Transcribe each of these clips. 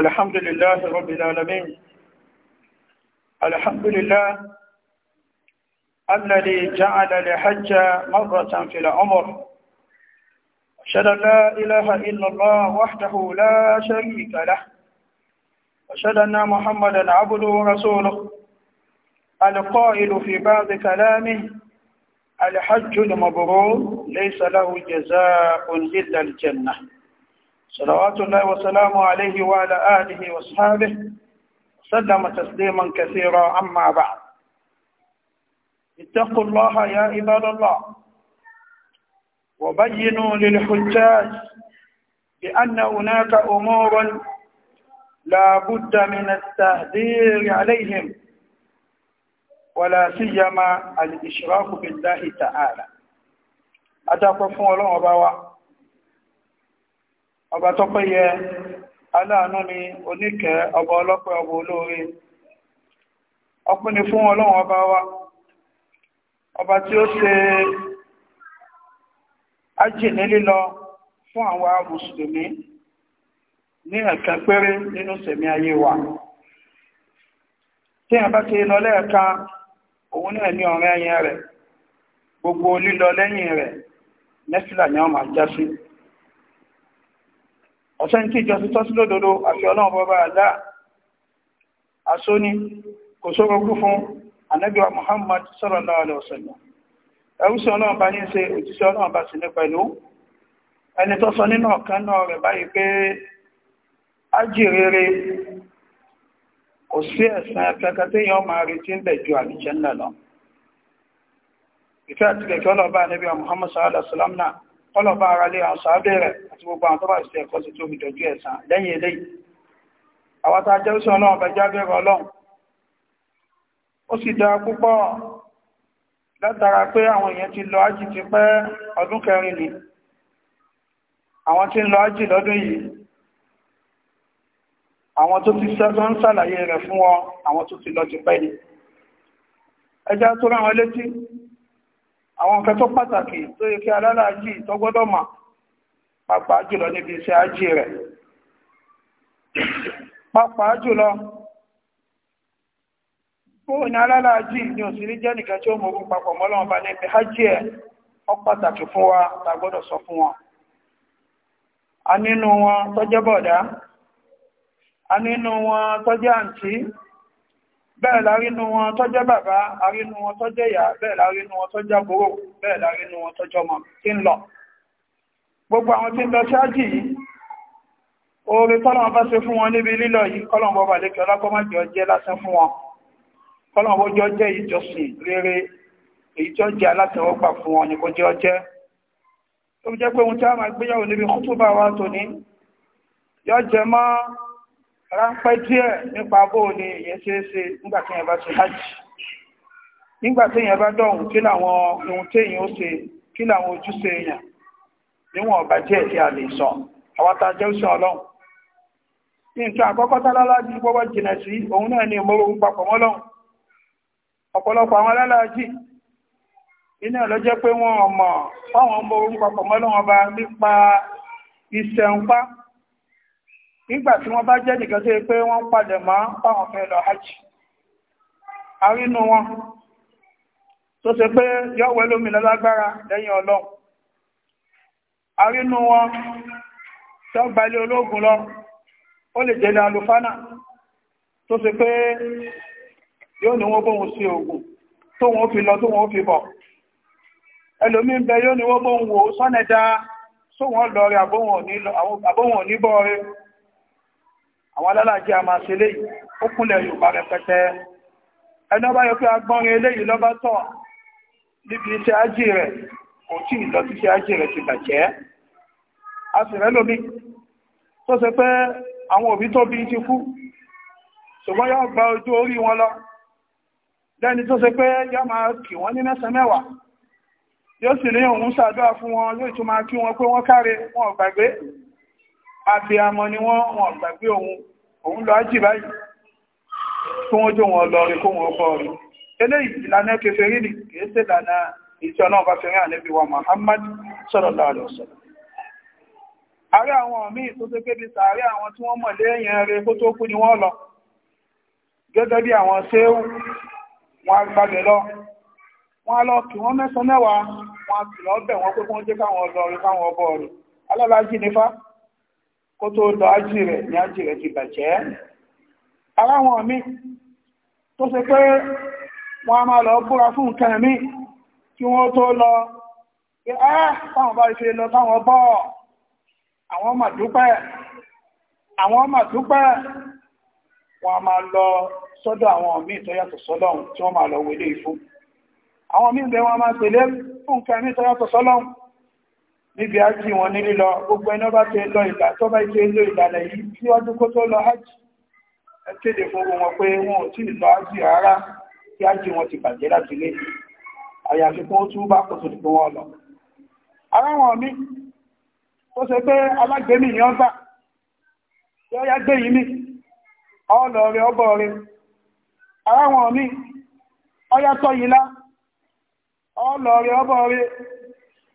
الحمد لله رب العالمين الحمد لله الذي جعل لحج مرة في العمر أشهد أن لا إله إلا الله وحده لا شريك له أشهد أن محمدا عبده ورسوله القائل في بعض كلامه الحج المبرور ليس له جزاء إلا الجنة صلوات الله وسلامه عليه وعلى آله وأصحابه سلم تسليما كثيرا أما بعد اتقوا الله يا عباد الله وبينوا للحجاج بأن هناك أمور لا بد من التهدير عليهم ولا سيما الإشراف بالله تعالى أتقفوا الله وبوا ọba tó péye aláàánú ni oníkẹ́ ọba ọlọ́pẹ́ ọba olóore ọpẹ́ fún ọlọ́run ọba wa ọba tí ó ṣe ajínlẹ̀ lílọ fún àwa mùsùlùmí ní ẹ̀kan péré nínú sẹ̀mí ayé wa tí a bá ti lọ lẹ́ẹ̀kan òun náà ní ọ̀rẹ́ ẹ̀yìn rẹ̀ gbogbo lílọ lẹ́yìn rẹ̀ nẹ́fìlà ni ọmọ àjásí ọ̀sẹ́ tí ìjọsí tọ́sí lódodo àfi ọlọ́run bọ́bá àdá asóní kò sórogún fún anẹ́gbẹ̀wà Muhammad sallallahu alaihi wasallam ẹrúsí ọlọ́run bá ní ṣe òjíṣẹ́ ọlọ́run bá sì ní pẹ̀lú ẹni tó sọ nínú ọ̀kan náà rẹ̀ báyìí pé ájìrere kò sí ẹ̀sán ẹ̀kẹ́kẹ́ tí yọ ìfẹ́ àti kẹ̀kẹ́ ọlọ́run bá anẹ́gbẹ̀wà Muhammad sallallahu alaihi wasallam náà kọlọ̀bá ara lé àwọn sàábẹ̀ rẹ̀ àti gbogbo àwọn tọ́bà ìsẹ̀ ẹ̀kọ́ sí tó fi dọ̀jú ẹ̀sàn lẹ́yìn ilé àwátá jẹ́ òṣìṣẹ́ ọlọ́run bẹ jábẹ̀rẹ̀ ọlọ́run ó sì dára púpọ̀ látara pé àwọn èèyàn ti lọ ájì ti pẹ́ ọdún kẹrin ni àwọn tí ń lọ ájì lọ́dún yìí àwọn tó ti sẹ́gbọ́n ń sàlàyé rẹ̀ fún wọn àwọn tó ti lọ ti pẹ́ ni ẹjá tó ráwọn létí àwọn nǹkan tó pàtàkì tó yẹ kí alálàájì ma gbọ́dọ̀ mọ̀ jùlọ níbi iṣẹ́ ájì rẹ̀ pàápàá jùlọ bóò ní alálàájì ní òsìrí jẹ́ nìkan tí ó mọ̀ orúkọ papọ̀ mọ́lọ́wọ́n a bẹ́ẹ̀ láàrínú wọn tó jẹ́ bàbá àrínú wọn tó jẹ́ ìyá bẹ́ẹ̀ láàrínú wọn tó jẹ́ àbúrò bẹ́ẹ̀ láàrínú wọn tó jọmọ tí ń lọ gbogbo àwọn tí ń lọ ṣáájì yìí oore tọ́lọ̀wọ́ bá ṣe fún wọn níbi lílọ yìí kọ́lọ̀wọ́ bá lékẹ́ ọlákọ́mọ́jọ jẹ́ lásán fún wọn kọ́lọ̀wọ́ jọ jẹ́ ìjọsìn rere èyí tó jẹ́ alátẹ̀wọ́gbà fún wọn ni kò jẹ́ ọjẹ́ tó jẹ́ pé ohun tí a máa gbéyàwó níbi kútùbà wa tòní yọ jẹ mọ́ ráńpẹ́ díẹ̀ nípa bóò ni èyẹ ṣe é ṣe nígbàtí èyàn bá ṣe nígbàtí èyàn dọ̀hùn kí làwọn ohun tí ó ṣe kí làwọn ojúṣe èyàn níwọ̀n ọ̀bà díẹ̀ tí a lè sọ àwọn a jẹ́ òṣìṣẹ́ ọlọ́run nǹkan àkọ́kọ́ tálálàájì gbọ́wọ́ jìnà sí òun náà ni ìmọ̀rọ̀ nígbà tí wọ́n bá jẹ́ nìkan tó pé wọ́n padà máa ń pàwọn fẹ́ lọ hajj arínú wọn tó ṣe pé yọ́wẹ́ lómi lọ́lágbára lẹ́yìn ọlọ́run arínú wọn tó gbalẹ̀ ológun lọ ó lè jẹ́ ní alùfánà tó ṣe pé yóò ní wọ́n bóhun sí ogun tó wọ́n fi lọ tó wọ́n fi bọ̀ ẹlòmí ń bẹ yóò ní wọ́n bóhun wò sọ́nẹ̀dá sóhun àbóhun ò ní bọ́ àwọn alálàájẹ́ a máa ṣe léyìí ó kúnlẹ̀ Yorùbá rẹpẹtẹ ẹni ọba yọ pé agbọ́nrin eléyìí lọ́bá tọ̀ níbi iṣẹ́ ajé rẹ̀ kò tí ì lọ sí iṣẹ́ ajé rẹ̀ ti bàjẹ́ a sì rẹ́ lómi tó ṣe pé àwọn òbí tó bí ti kú ṣùgbọ́n yóò gba ojú orí wọn lọ lẹ́ni tó ṣe pé yóò máa kì wọ́n ní mẹ́sàn mẹ́wàá yóò sì ní òun ṣàdúrà fún wọn yóò tún máa kí wọn pé wọ́n káre wọn ò gbàgbé abiyamọ ni wọ́n wọ́n gbàgbé òun òun lọ ájì báyìí tí wọ́n jò wọn lọ rí kó wọn bọ́ rí eléyìí ìlànà kẹfẹ́ rí kìí sí ìlànà ìjọ náà bá fẹ́rẹ́ ànẹ́bí wa Muhammad sallallahu alaihi wasallam ààrẹ àwọn míì tó tó kébi sàárẹ àwọn tí wọ́n mọ̀ lẹ́yìn rẹ̀ kó tó kú ni wọ́n lọ gẹ́gẹ́ bí àwọn séwù wọn agbábẹ̀ lọ wọn lọ kí wọ́n mẹ́sàn mẹ́wàá wọn sì lọ bẹ̀ wọn pé wọ́n jẹ́ káwọn lọ rí káwọn ọbọ̀ rẹ̀ alábàájì nífà kó tó lọ ájì rẹ̀ ní ájì rẹ̀ ti bàjẹ́ aláwọn mi tó ṣe pé wọ́n a máa lọ búra fún nǹkan mi kí wọ́n tó lọ pé á táwọn bá ṣe lọ táwọn bọ́ àwọn mà àwọn mà wọ́n a máa lọ sọ́dọ̀ àwọn míì tó yàtọ̀ sọ́lọ́hun tí wọ́n máa lọ wèlé ìfún àwọn míì bẹ wọ́n máa tẹ̀lé fún nǹkan míì tó yàtọ̀ sọ́lọ́hun níbi ájì wọn nílé lọ gbogbo ẹni ọba tẹ lọ ìlà tó bá ṣe lọ ìlànà yìí tí ọdún kó tó lọ ájì ẹ kéde fún wọn pé wọn ò tí ì lọ ájì rárá tí ájì wọn ti bàjẹ́ láti lé àyàfi fún ó tún bá kó tó dìbò wọn lọ. ara wọn mi tó ṣe pé alágbèémí ni ọgbà tí ó yá gbé yìí mi ọlọrẹ ọbọ rẹ ara wọn mi ọyá tọ yìí lá ọlọrẹ ọbọ rẹ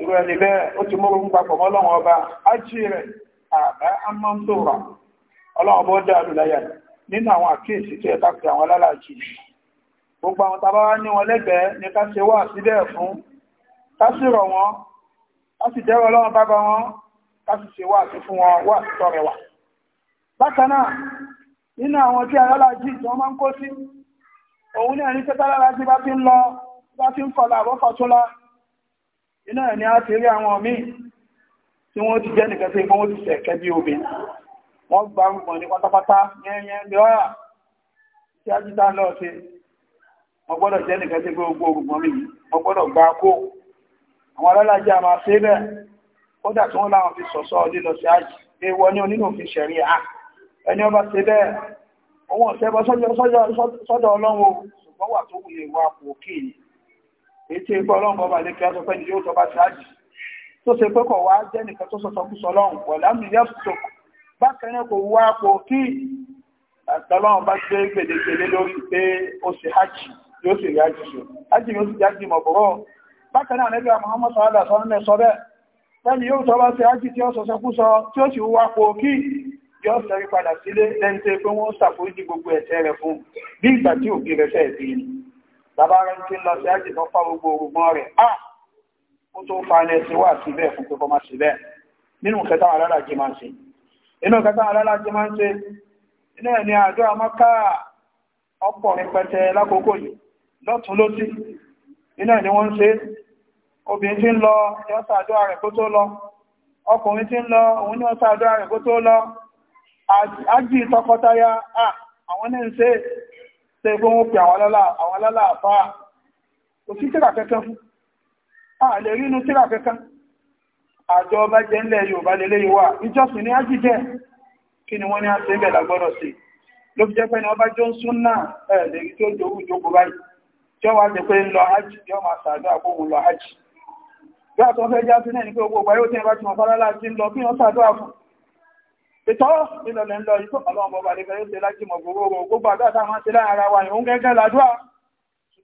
irú ẹni bẹ́ẹ̀ ó ti mọ́rún papọ̀ mọ́lọ́wọ́ ọba ájì rẹ̀ àbá amọ́ntòrà ọlọ́wọ́ bó dáadù láyà nínú àwọn àkíyèsí tí ẹta pè àwọn alálàájì gbogbo àwọn tàbá wá ní wọn lẹ́gbẹ̀ẹ́ ní ká ṣe wà síbẹ̀ fún ká sì rọ̀ wọn ká sì dẹ́rọ ọlọ́wọ́ bábá wọn ká sì ṣe wà sí fún wọn wà sí tọrẹwà bákan náà nínú àwọn tí alálàájì tí wọ́n máa ń kó sí òun ní ẹni tẹ́tà alálàájì bá ti ń lọ bá ti ń kọlà àbọ́fà lọ iná ni a ti rí àwọn míì tí wọ́n ti jẹ́ nìkan sí ipò wọ́n ti sẹ̀kẹ́ bí obì wọ́n gba rúgbọ̀n ní pátápátá yẹnyẹn lọ́rà tí a jíta lọ sí wọ́n gbọ́dọ̀ jẹ́ nìkan sí gbogbo rúgbọ̀n mi wọ́n gbọ́dọ̀ gba kó àwọn alálàájá máa ṣe bẹ́ẹ̀ ó dà tí wọ́n láwọn fi sọ̀sọ́ lílọ sí àjì ewọ ní onínú fi ṣẹ̀rí à ẹni ọba ṣe bẹ́ẹ̀ òun ọ̀sẹ̀ bọ́ sọ́dọ̀ ọlọ́run ṣùgbọ́n wà tó wùlé wà kò kéèyàn ètò ẹgbẹ́ ọlọ́run bọ́ba lè kí a sọ pé ní yóò tọ́ba ti ájì tó ṣe pé kọ̀ wá jẹ́ nìkan tó sọ̀tọ̀ kú sọlọ́run pọ̀ lámì yẹ́ tó bákan náà kò wá pò kí àtọ́lọ́run bá gbé gbèdégbèdé lórí pé ó ṣe ájì yóò sì rí ájì ṣe ájì yóò sì jáde mọ̀ bọ̀rọ̀ bákan náà nẹ́bí Muhammad sọ́ọ́dà sọ́ọ́nà sọ bẹ́ẹ̀ lẹ́ni yóò tọ́ba ti ájì tí ó sọ̀tọ̀ kú sọ tí ó sì wá pò kí yóò sẹ́rí padà sílé lẹ́ni tó pé wọ́n ṣàforíjì gbogbo ẹ̀ṣẹ̀ rẹ̀ fún bí ìgbà tí òkè rẹ̀ fẹ́ẹ̀ bí ni bàbá rẹ̀ ti lọ sí gbogbo orùgbọ́n rẹ̀ a ó tó fa ilẹ̀ sí wà sí bẹ́ẹ̀ fún sí nínú kẹta alálàjì máa ń ṣe inú kẹta máa ń ṣe ni àjọ amáká ọ̀pọ̀ rẹpẹtẹ lákòókò yìí lọ́tún lósì inú ẹ̀ ni wọn ń ṣe obìnrin ń lọ lọ ọkùnrin ń lọ òun ní àjọ lọ àjì tọkọtaya àwọn ní ń ṣe tẹ́gbọ́n ó pè àwọn alálàáfáà kò sí tíra kankan fún a lè rí inú tíra kankan àjọ ọba jẹ́ ńlẹ̀ Yorùbá lélé yíwá ìjọsìn ní ajíjẹ́ kí ni wọ́n ní àti ẹgbẹ̀ lágbọ́dọ̀ sí ló fi jẹ́ pé ọba jọ ń sún náà tí ó báyìí ní pé ìtọ́ ìlọ̀lẹ̀ ńlọ ikú ọlọ́run ọba àdìgbà yóò ṣe láti mọ̀ gbogbo gbogbo àgbàtà máa ṣe láàrin ara wa ìhún gẹ́gẹ́ làdúrà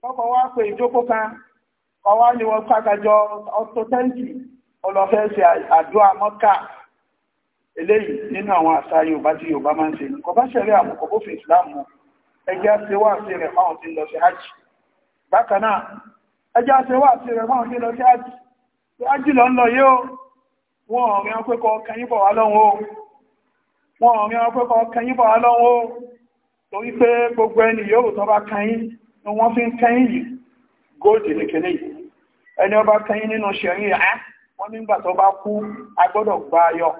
ṣùgbọ́n wá pé ìjókòó kan ọwá ni wọ́n kákàjọ ọtọ́tẹ́ǹtì ọlọ́fẹ́ ṣe àdúrà mọ́kà eléyìí nínú àwọn àṣà Yorùbá tí Yorùbá máa ń ṣe kò bá ṣẹlẹ̀ àmùkò bó fi ìsìláàmù ẹjẹ́ ṣe wá sí rẹ̀ fáwọn tí ń lọ sí hajj bákan náà ẹjẹ́ ṣe wá sí rẹ̀ fáwọn tí lọ sí hajj wọn ò rí ọpẹ́kọ̀ kẹyìn bọ̀ lọ́wọ́ torí pé gbogbo ẹni yóò tọ́ bá kẹyìn ni wọ́n fi ń kẹyìn yìí góòdì ní kìíní ẹni ọba kẹyìn nínú ṣẹ̀rí ẹ̀ wọ́n nígbà tó bá kú agbọ́dọ̀ gba ayọ̀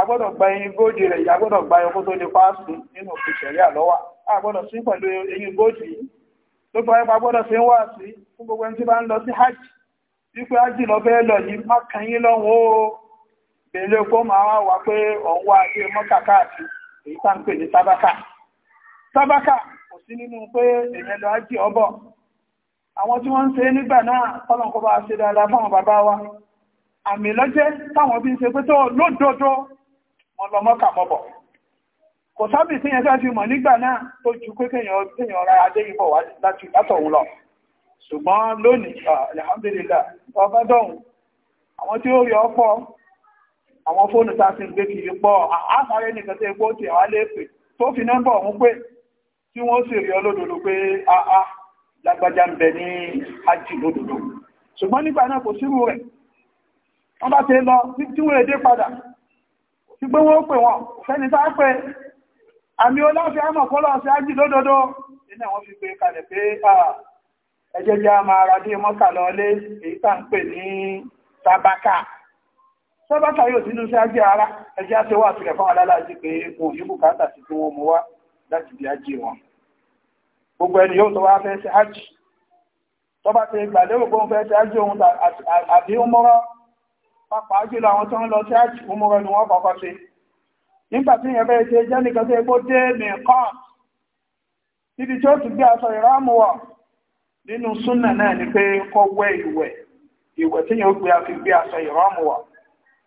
agbọ́dọ̀ gba ẹyin góòdì rẹ̀ yìí agbọ́dọ̀ gba ayọ̀ kó tó lè pàásù nínú òfin ṣẹ̀rí àlọ́wà agbọ́dọ̀ sí pẹ̀lú ẹyin góòdì yìí ló fọ́ ẹgbà gbọ́dọ̀ sí wà sí fún gbogbo ẹni tí bá ń lọ sí hajj wípé hajj lọ fẹ́ lọ yìí má kẹyìn lọ́wọ́ ilé epo máa wá wá pé òun wá sí mọ́kà èyí tá ń pè ní tábákà tábákà kò sí ọbọ àwọn tí wọ́n ń ṣe nígbà náà kọ́lọ̀kọ́ bá ṣe dáadáa fáwọn bàbá wa àmì lọ́jẹ́ táwọn bí ń ṣe pé tó lódodo lọ kò sábì yẹn fẹ́ fi mọ̀ nígbà náà tó ju pé kéèyàn ra adé wá láti látọ̀hún àwọn fóònù tá a fi ń gbé kiri pọ̀ àmọ́rẹ́ nìkan tó epo tí àwọn léèpè tó fi nọ́mbà ọ̀hún pé tí wọ́n sì rí olódodo pé àá lágbájá ń bẹ ní ájì lódodo ṣùgbọ́n nígbà náà kò sírú rẹ̀ wọ́n bá ti lọ tí wọ́n èdè padà sí pé wọ́n pè wọ́n fẹ́ni tá pé àmì ọlọ́fẹ́ àmọ̀ kọ́lọ́ sí ájì lódodo nínú àwọn fi pé kalẹ̀ pé ẹjẹ́ jẹ́ a máa ra dé mọ́kà lọ lé èyí tá ń pè ní sábàkà sọ́bátà yóò sínú sí ajé ara ẹjẹ́ àti wà sílẹ̀ fún alálàájí pé wọn yìí bùkátà sí tí wọ́n mú wá láti bí ajé wọn gbogbo ẹni yóò tó wá fẹ́ sí ajé tọ́bá ti gbàlérò pé wọ́n fẹ́ sí ajé ohun àbí ó mọ́rọ́ pápá ajé lọ àwọn tó ń lọ sí ajé ó mọ́rọ́ ni wọ́n kọ́kọ́ sí nígbà tí ìyẹn bẹ́ẹ̀ ṣe jẹ́ nìkan tó epo dé mìíràn níbi tí ó ti gbé aṣọ ìrámù wọ̀ nínú súnà náà ni pé kọ́ ìwẹ̀ ìwẹ̀ tí yẹn ó gbé aṣọ ìrámù wọ̀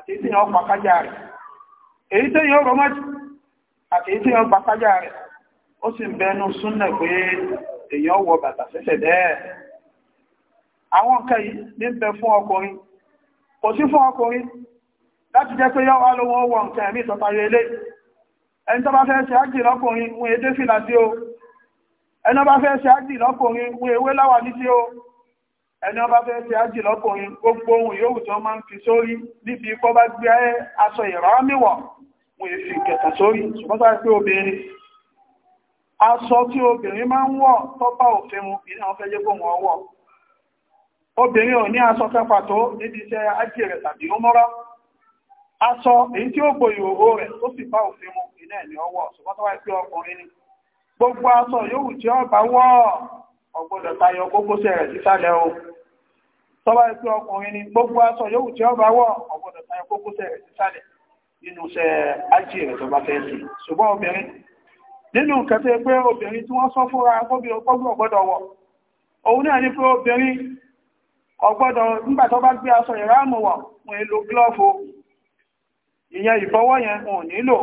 àti èyí tí yàn pa kájá rẹ̀ ó sì ń bẹnu súnlẹ̀ pé èyàn wọ bàtà sẹ́sẹ̀ bẹ́ẹ̀ àwọn nǹkan yìí ní bẹ fún ọkùnrin kò sí fún ọkùnrin láti jẹ́ pé yọ́wọ́ lówó wọ nǹkan ẹ̀mí ìtọ́tayọ ilé ẹni tó bá fẹ́ ṣe ájì lọ́kùnrin wọn ẹni ọba fẹ́ ti ájì lọ́kùnrin gbogbo ohun yóò tó máa ń fi sórí níbi ikọ́ bá gbé aṣọ ìrọ́míwọ̀ mo yìí fi kẹta sórí ṣùgbọ́n sáré pé obìnrin aṣọ tí obìnrin máa ń wọ̀ tọ́pá òfin mu ìní àwọn fẹ́jẹ́ fún wọn wọ̀ obìnrin ò ní aṣọ aṣọ èyí tí ó gbòyè rẹ̀ tó sì bá òfin mu ìní ẹ̀ ní ọwọ́ gbogbo aṣọ yóò jẹ́ ọba ọgbọ́dọ̀ tayọ kókósẹ̀ rẹ̀ sísàlẹ̀ o tọ́bá ẹ pé ọkùnrin ni gbogbo aṣọ yòówù tí ó bá wọ̀ ọgbọ́dọ̀ tayọ kókósẹ̀ rẹ̀ sísàlẹ̀ nínú iṣẹ́ ájì rẹ̀ tó bá fẹ́ sí ṣùgbọ́n obìnrin nínú kẹfẹ́ pé obìnrin tí wọ́n sọ fúnra gbọ́gbọ́ ọgbọ́dọ̀ wọ̀ òun náà ni pé obìnrin ọgbọ́dọ̀ nígbà tó bá gbé aṣọ ìráàmù wọ̀ wọn èlò gílọ́ọ̀fù ìyẹn ìfọwọ́ yẹn wọn ò nílò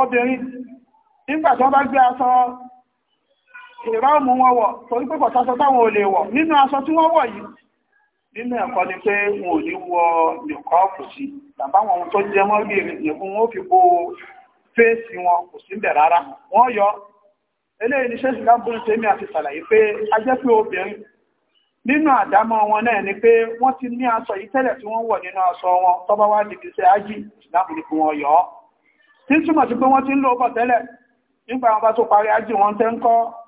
obìnrin nígbà tó bá gbé aṣọ ìrọ́mù wọn wọ̀ torí pé pọ̀tọ́sọ táwọn olè wọ̀ nínú aṣọ tí wọ́n wọ̀ yìí nínú ẹ̀kọ́ ni pé wọn ò ní wọ nìkọ́ kò sí tàbáwọn ohun tó jẹ mọ́ bí ìrìnkùn wọn ó fi bo fèsì wọn kò sí bẹ̀ rárá wọ́n yọ eléyìí ni ṣẹ́sì lábúrú tèmi àti sàlàyé pé a jẹ́ pé obìnrin nínú àdámọ́ wọn náà ni pé wọ́n ti ní aṣọ yìí tẹ́lẹ̀ tí wọ́n wọ̀ nínú aṣọ wọn tọ́bá wá dìbì sí ájì ìsìláàmù ní wọn yọ ọ́ tí túmọ̀ sí pé wọ́n ti ń lò ó bọ̀ tẹ́lẹ̀ nígbà wọn bá tó parí ájì wọn tẹ́ ń kọ́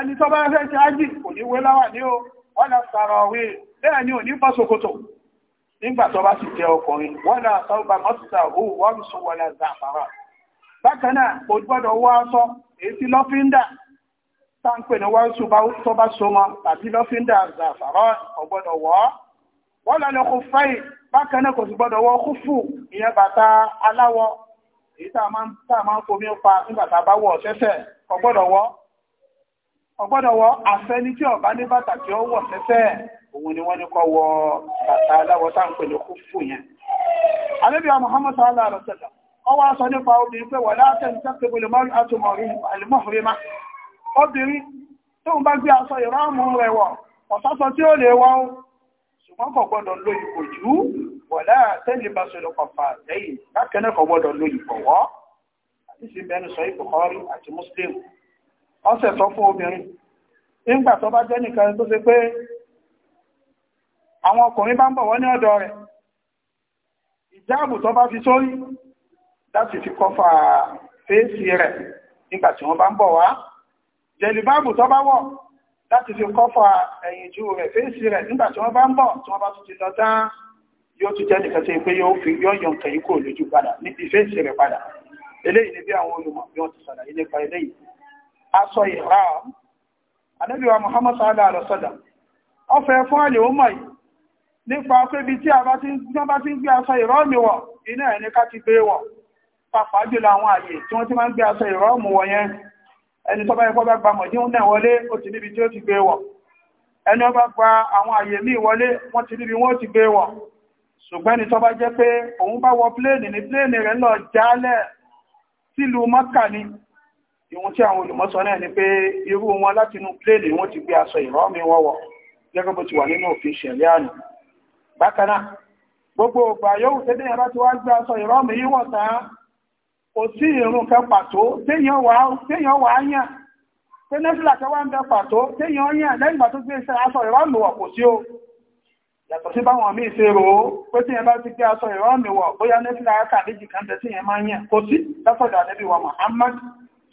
ẹni tó bá fẹ́ ṣe ájì kò ní wé láwà ní o wọ́n lọ sàrọ̀ wé bẹ́ẹ̀ ni ò ní bọ́ ṣòkòtò nígbà tó bá sì jẹ́ ọkùnrin wọ́n lọ sọ bá mọ́sùsà ó wọ́n sọ wọ́n lọ zàfàrà bákan náà kò gbọ́dọ̀ wọ aṣọ èsì lọ́fíńdà táǹpẹ̀ ni wọ́n tó bá so mọ́ tàbí lọ́fíńdà zàfàrà kò gbọ́dọ̀ wọ́ wọ́n lọ lọ fáì bákan náà kò sì gbọ́dọ̀ wọ kúfù ìyẹn bàtà aláwọ̀ èyí tá a máa ń fomi pa nígbà bá wọ̀ ṣẹ́ṣẹ́ kò wọ́ ọgbọ́dọ̀ wọ àfẹ́ni tí ọ̀bá ní bàtà tí ó wọ̀ sẹ́sẹ́ òun ni wọ́n ní kọ́ wọ bàtà aláwọ̀ tá ń pè ní kúfù yẹn alẹ́bí wa Muhammad sallallahu alaihi wasallam ọwọ́ aṣọ nípa obìnrin pé wọ̀lá tẹ́ni tẹ́kẹ́gbẹ̀lẹ̀ mọ́rí àtúmọ̀ àlùmọ́hùrẹ́má obìnrin tóun bá gbé aṣọ ìráàmù rẹ̀ wọ̀ ọ̀sọ́sọ tí ó lè wọ́ ṣùgbọ́n kò gbọ́dọ̀ lo ìbòjú wọ̀lá tẹ́lẹ̀ bá ṣe lọ́kọ̀ fà lẹ́yìn bákẹ́nẹ́ ọ̀sẹ̀ tọ́ fún obìnrin nígbà tó bá jẹ́ nìkan tó ṣe pé àwọn ọkùnrin bá ń bọ̀ wọ́n ní ọ̀dọ̀ rẹ̀ ìjáàbù tó bá fi sórí láti fi kọfà fèsì rẹ̀ nígbà tí wọ́n bá ń bọ̀ wá jẹ̀lìbáàbù tó bá wọ̀ láti fi kọfà ẹ̀yìn ju rẹ̀ fèsì rẹ̀ nígbà tí wọ́n bá ń bọ̀ tí wọ́n bá tún ti lọ tán yóò tún jẹ́ nìkan tí pé yóò fi yọ́ yọ nǹkan yìí kò lójú padà níbi fèsì rẹ̀ padà eléyìí ni bí àwọn olùmọ̀ bí wọ́n ti sàlàyé nípa eléyìí aṣọ ìhà ànábìwá Muhammad sallallahu alaihi wasallam ọfẹ́ fún àlè ó mọ̀ yìí nípa pé bí tí a bá ti ń gbé aṣọ ìrọ́ọ̀mù wọ̀ iná ẹ̀ ní ká ti gbé wọ̀ pàpà jùlọ àwọn àyè tí wọ́n ti máa ń gbé aṣọ ìrọ́ọ̀mù wọ̀ yẹn ẹni tó bá ẹ̀kọ́ bá gba mọ̀dí ń náà wọlé ó ti níbi tí ó ti gbé wọ̀ ẹni ó bá gba àwọn àyè míì wọlé wọ́n ti níbi wọ́n ti gbé wọ̀ ṣùgbọ́n ẹni tó bá jẹ́ pé òun bá wọ pléènì ní pléènì rẹ̀ lọ jálẹ̀ sílùú mọ́kà ni ìwọ̀n tí àwọn olùmọ́sọ náà ni pé irú wọn láti inú pléèlì wọ́n ti gbé aṣọ ìrọ́mí wọn wọ̀ gẹ́gẹ́ bó ti wà nínú òfin ṣẹ̀lẹ̀ àná bákan náà gbogbo ọgbà yóò tẹ́lẹ̀ yẹn bá ti wá gbé aṣọ ìrọ́mí yìí wọ̀ tán kò sí ìrun kan pàtó téèyàn wà á yàn tẹ́lẹ̀fìlà kan wá ń bẹ pàtó téèyàn yàn lẹ́yìn ìgbà tó gbé iṣẹ́ aṣọ ìrọ́mí wọ̀ kò sí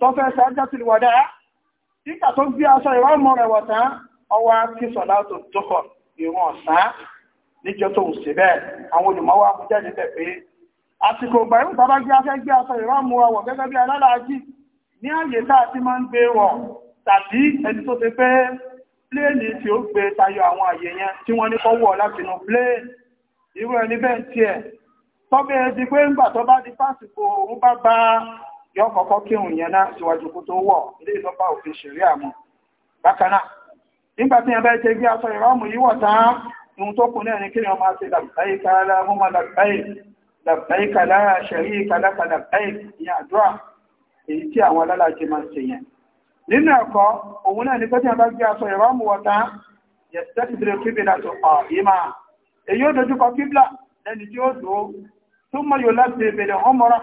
tó fẹ́ sáájá ti wà dáa títà tó gbé aṣọ ìrọ́mọ rẹ̀ wọ̀tán ọwá kí sọ̀lá tó tókọ̀ ìwọ̀n sáá níjọ tó ń ṣe bẹ́ẹ̀ àwọn olùmọ́wà mú jáde bẹ̀ pé àsìkò ìgbàrú bàbá gbé afẹ́ gbé aṣọ ìrọ́mọ wọ̀ gẹ́gẹ́ bí alálàájì ní àyè táà ti máa ń gbé wọ̀ tàbí ẹni tó ti pé tí ó tọ́bẹ̀ẹ́ di pé ńgbà tó bá di pásìkò òun bá ba yọ kọ́kọ́ kírun yẹn náà síwájú kó tó wọ̀ ilé ìlọ́pàá òfin ṣẹ̀rí àmọ́ bákan náà nígbà tí ẹbẹ́ ti gbé aṣọ ìrọ́mù yíwọ̀ tán ohun tó kù náà ni kí wọ́n máa ṣe làbáyíká aláhùnmọ́ làbáyíká lára ṣẹ̀rí ni pé tí wọ́n bá gbé aṣọ ìrọ́mù wọ̀ tán yẹ̀sítẹ́tìdìrẹ́ kíbìlà tó ọ̀ ìmá èyí ó dojúkọ kíbìlà lẹ́ni tí ó dúró túnmọ̀ yóò láti ìbẹ̀rẹ̀ ọmọràn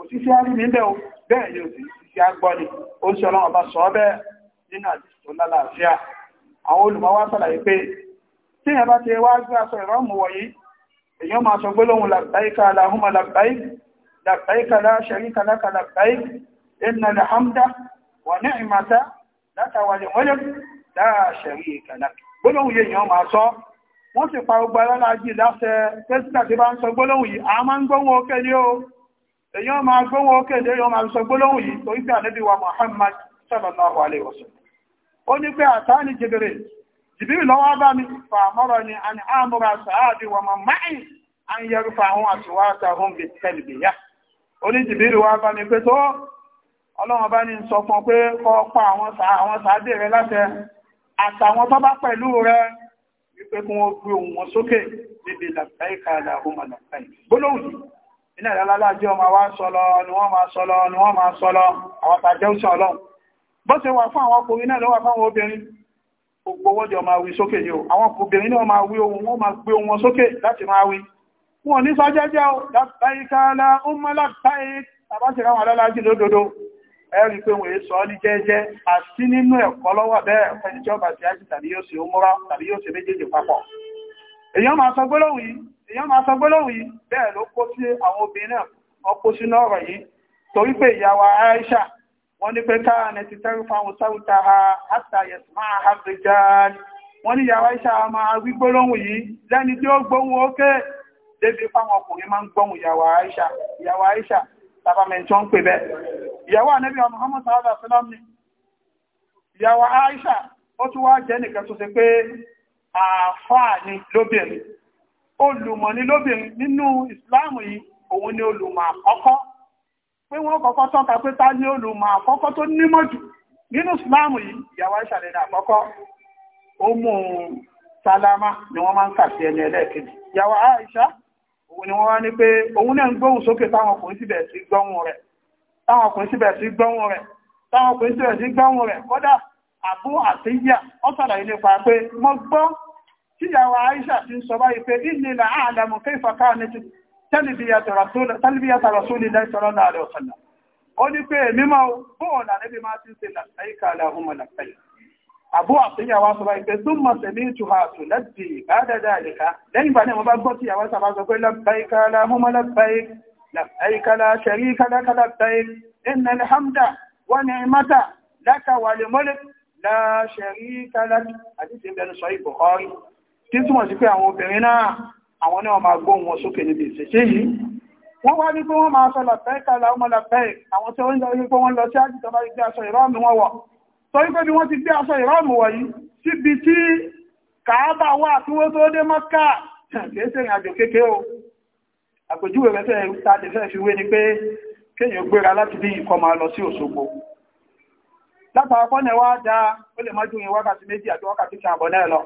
òṣìṣẹ́ rí nílẹ̀ o bẹ́ẹ̀ yóò sì ṣiṣẹ́ agbọ́ni ó ń ṣe ọlọ́run bá sọ bẹ́ẹ̀ nínú àdìsí tó lálàáfíà àwọn olùmọ́wá sàlàyé pé tí ẹ bá ti wá gbé aṣọ ìrọ́mù wọ̀nyí èyàn máa sọ gbólóhùn làbáyíká aláhùnmà làbáyí làbáyíká láṣẹríkà láka làbáyí inna alhamda wa ni'mata láka wà ní wọ́lẹ̀ láṣẹríkà láka gbólóhùn yìí èyàn máa sọ wọ́n sì pa gbogbo alára jì láṣẹ pẹ́sìtà tí bá ń sọ gbólóhùn yìí a ń gbóhùn ókè ní o èyàn máa gbóhùn ókè lé yọ máa sọ gbólóhùn yìí torí pé ànábì wa Muhammad sallallahu alaihi wasallam ó ní pé àtàní Jibril Jibril lọ́wọ́ bá mi fàmọ́rọ̀ ni àni àmúra sàáàdì wa ma máì à ń yẹrù fàáhùn àti wá àtàhùn bí tẹ́lìbìyà ó ní Jibril wá bá mi pé tó ọlọ́run bá ní sọ fún pé kọ́ pa àwọn sàádì rẹ láti àtàwọn tó bá pẹ̀lú rẹ wípé kí wọ́n gbé ohùn wọn sókè níbi làbáyíká làhùn àlàbáyí gbólóhùn ilẹ̀ alálájọ́ ma wá sọlọ ni wọ́n ma sọlọ ni wọ́n ma sọlọ àwọn tàjẹ́ òṣà ọlọ́run bó ṣe wà fún àwọn ọkùnrin náà lọ́wọ́ fáwọn obìnrin gbogbo wọ́jọ ma wí sókè ní o àwọn obìnrin náà ma wí ohun wọ́n ma gbé ohun sókè láti ma wí wọn ní sọ́jẹ́jẹ́ o lápáìkàlá ó mọ́ lápáìk tàbátìrá wọn alálájì lódodo ẹ̀rí pé wọ́n sọ ní èyàn máa sọ gbólóhùn yìí èyàn máa sọ gbólóhùn yìí bẹ́ẹ̀ ló kó sí àwọn obìnrin náà wọ́n kó sínú ọ̀rọ̀ yìí torí pé ìyá wa Aisha wọ́n ní pé káà ní ti tẹ́rù fáwọn sáwùta ha àtàyẹ̀sì máa ha gbẹjáàlì wọ́n ní ìyá wa Aisha máa wí gbólóhùn yìí lẹ́ni tí ó gbóhùn ókè débi fáwọn ọkùnrin máa ń gbóhùn ìyá Aisha ìyá Aisha tàbàmẹ̀ntì wọ́n pè bẹ́ẹ̀ ìyá wa Ànábì Muhammad sallallahu alaihi wasallam Aisha ó tún wá jẹ́ nìkan tó ṣe pé àfáà ni lóbìnrin olùmọ̀ ni lóbìnrin nínú ìsìláàmù yìí òun ni olùmọ̀ àkọ́kọ́ pé wọ́n kọ́kọ́ tọ́ka pé ta ni olùmọ̀ àkọ́kọ́ tó nímọ̀ jù nínú ìsìláàmù yìí ìyàwó ìṣàlẹ̀ àkọ́kọ́ ó mú salama ni wọ́n máa ń kà sí ẹni ẹlẹ́ẹ̀kejì ìyàwó àìṣá òun ni wọ́n wá ní pé òun náà ń gbóhùn sókè táwọn ọkùnrin síbẹ̀ sí gbọ́hùn rẹ̀ táwọn ọkùnrin síbẹ̀ sí gbọ́hùn rẹ̀ táwọn ọkùnrin síbẹ̀ sí gbọ́hùn rẹ̀ kódà àbú àtẹ́yà ọ́sàdà ilé pa pé mọ́ gbọ́ tí ìyàwó Aisha ti ń sọ báyìí pé ilé ìlà àdàmù fẹ́ ìfàká ní tẹ́lìbíyàtà rasúlì lẹ́sọ̀rọ̀ náà rẹ̀ ọ̀sànà ó ní pé mímọ́ bóòlà níbi máa ti ń ṣe làtàíkà aláhùnmọ̀ làtàí àbú àtẹ́yà wá sọ báyìí pé súnmọ̀ sẹ̀mí ìtura àtù lẹ́dì ìbádẹ́dà àlìká lẹ́yìn ìgbà náà mo bá gbọ́ tí ìyàwó sábà sọ pé làtàíkà alhamda wọ́n ni mata láka wà láṣẹ̀rí kálákì àti ti bẹnu sọ ìbùkọ́rí tí túnmọ̀ sí pé àwọn obìnrin náà àwọn náà máa gbóhùn wọn sókè níbi ìṣẹ̀ṣẹ́ yìí wọ́n wá ní pé wọ́n máa sọ làpẹ́ẹ̀kà làwọn ọmọ lápẹ́ẹ̀ àwọn tí wọ́n ń lọ rí pé wọ́n lọ sí àjùtọ́ bá gbé aṣọ ìrọ́ọ̀mù wọn wọ̀ sọ wípé bí wọ́n ti gbé aṣọ ìrọ́ọ̀mù wọ̀ yìí síbi tí kàábà wà kí wọ́n tó dé mọ́kà kìí ṣe ìrìnàjò kékeré o àpèjúwe rẹ̀ fẹ́ẹ̀ ta ti fẹ́ fi wé ni pé kéèyàn gbéra láti bí ìkọ́ máa lọ sí Òṣogbo látàwọn fọ́nà wá dáa ó lè mọ́jú yìí wákàtí méjì àti wákàtí kan àbọ̀ náà lọ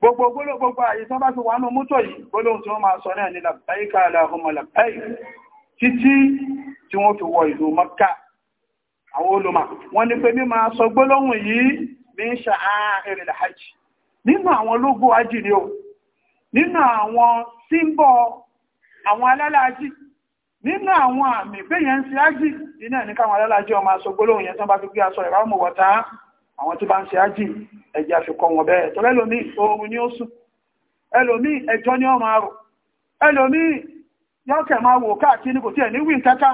gbogbo gbólóhùn gbogbo àyè tán bá ti wà nù mútò yìí gbólóhùn tí wọ́n máa sọ náà ní labbaika Allahumma labbaik títí tí wọ́n fi wọ ìlú Mọ́kà àwọn olùmọ̀ wọ́n ní pé mí nínú àwọn ológun ajì ni o nínú àwọn símbọ̀ àwọn alálàájì nínú àwọn àmì péyàn ń ṣe ájì iná ní káwọn alálàájẹ́ ọmọ aṣọ gbólóhùn yẹn tán bá fi gbé aṣọ ìbá mọ̀ wọ̀ta àwọn tí bá ń ṣe ájì ẹjẹ́ àfikọ́ wọn bẹ́ẹ̀ tó lẹ́lòmí oorun ní ó sùn ẹlòmí ẹjọ́ ní ọmọ arò ẹlòmí yọ́kẹ̀ máa wò káàkiri kò tiẹ̀ ní wí kẹ́kà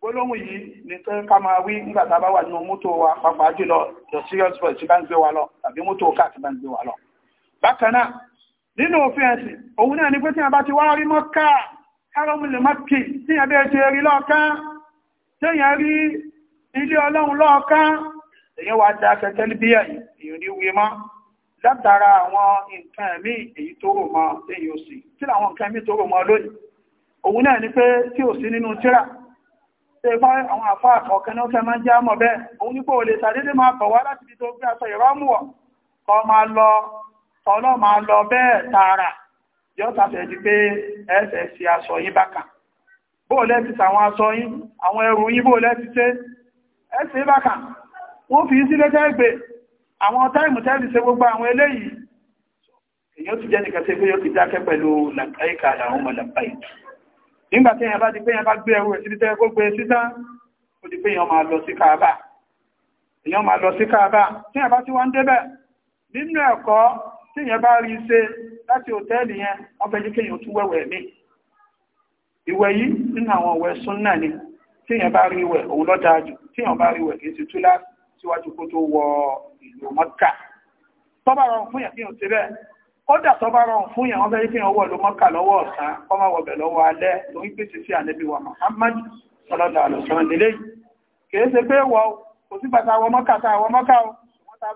gbólóhùn yìí ní tó ká máa wí nígbà tá a bá wà nínú mọ́tò wa pàápàá jùlọ the serious boy tí bá ń gbé wa lọ tàbí mọ́tò káà tí bá ń gbé wa lọ bákan náà nínú òfin ẹ̀sìn òun náà ni pé tí a bá ti wá rí mọ́ káà ẹrọmùlè má kì tí ẹbẹ́ ṣe rí lọ́ọ̀kán tẹ́yàn rí ilé ọlọ́run lọ́ọ̀kán èyàn wà dá kẹtẹ́lì bí èyàn ní wé mọ́ látara àwọn nǹkan ẹ̀mí èyí tó rò mọ́ èyí òsì tí àwọn nǹkan ẹ̀mí tó rò mọ́ lónìí òun náà ni pé tí ò sí nínú tíra tẹ́ ipá àwọn àfá àkọ̀ọ̀kan ní máa ń mọ̀ bẹ́ẹ̀ òun ní pé ò lè sàdédé máa bọ̀ láti yóò tàfẹ́ di pé ẹsẹ̀ sí aṣọ yín bákan bóò lẹ́ti sàwọn aṣọ yín àwọn ẹrù yín bóò lẹ́ti tẹ́ ẹsẹ̀ bákan wọ́n fi sílé tẹ́gbẹ̀ àwọn táìmù tẹ́lì ṣe gbogbo àwọn eléyìí èyí ó ti jẹ́ nìkan tí pé yóò ti dákẹ́ pẹ̀lú làbáìkà àwọn ọmọ làbáìkì nígbà tí èèyàn bá di pé èèyàn bá gbé ẹrù rẹ̀ síbi tí yẹn bá rí ṣe láti òtẹ́ẹ̀lì yẹn wọ́n fẹ́ jí kí yẹn tún wẹ̀wẹ̀ mí ìwẹ̀ yìí nínú àwọn ìwẹ̀ súnnà ni tí yẹn bá rí ìwẹ̀ òun lọ́dájú tí yẹn bá rí ìwẹ̀ kìí ti tú lá síwájú kó tó wọ ìlú mọ́kà tọ́bà rọrùn fún yẹn kí yẹn ti bẹ́ẹ̀ kódà tọ́bà rọrùn fún yẹn wọ́n fẹ́ jí kí yẹn wọ̀ ló mọ́kà lọ́wọ́ ọ̀sán kọ́ máa wọ̀bẹ̀ lọ́wọ́ alẹ́ kò sí bàtà mọ́kà tá mọ́kà o wọ́n ta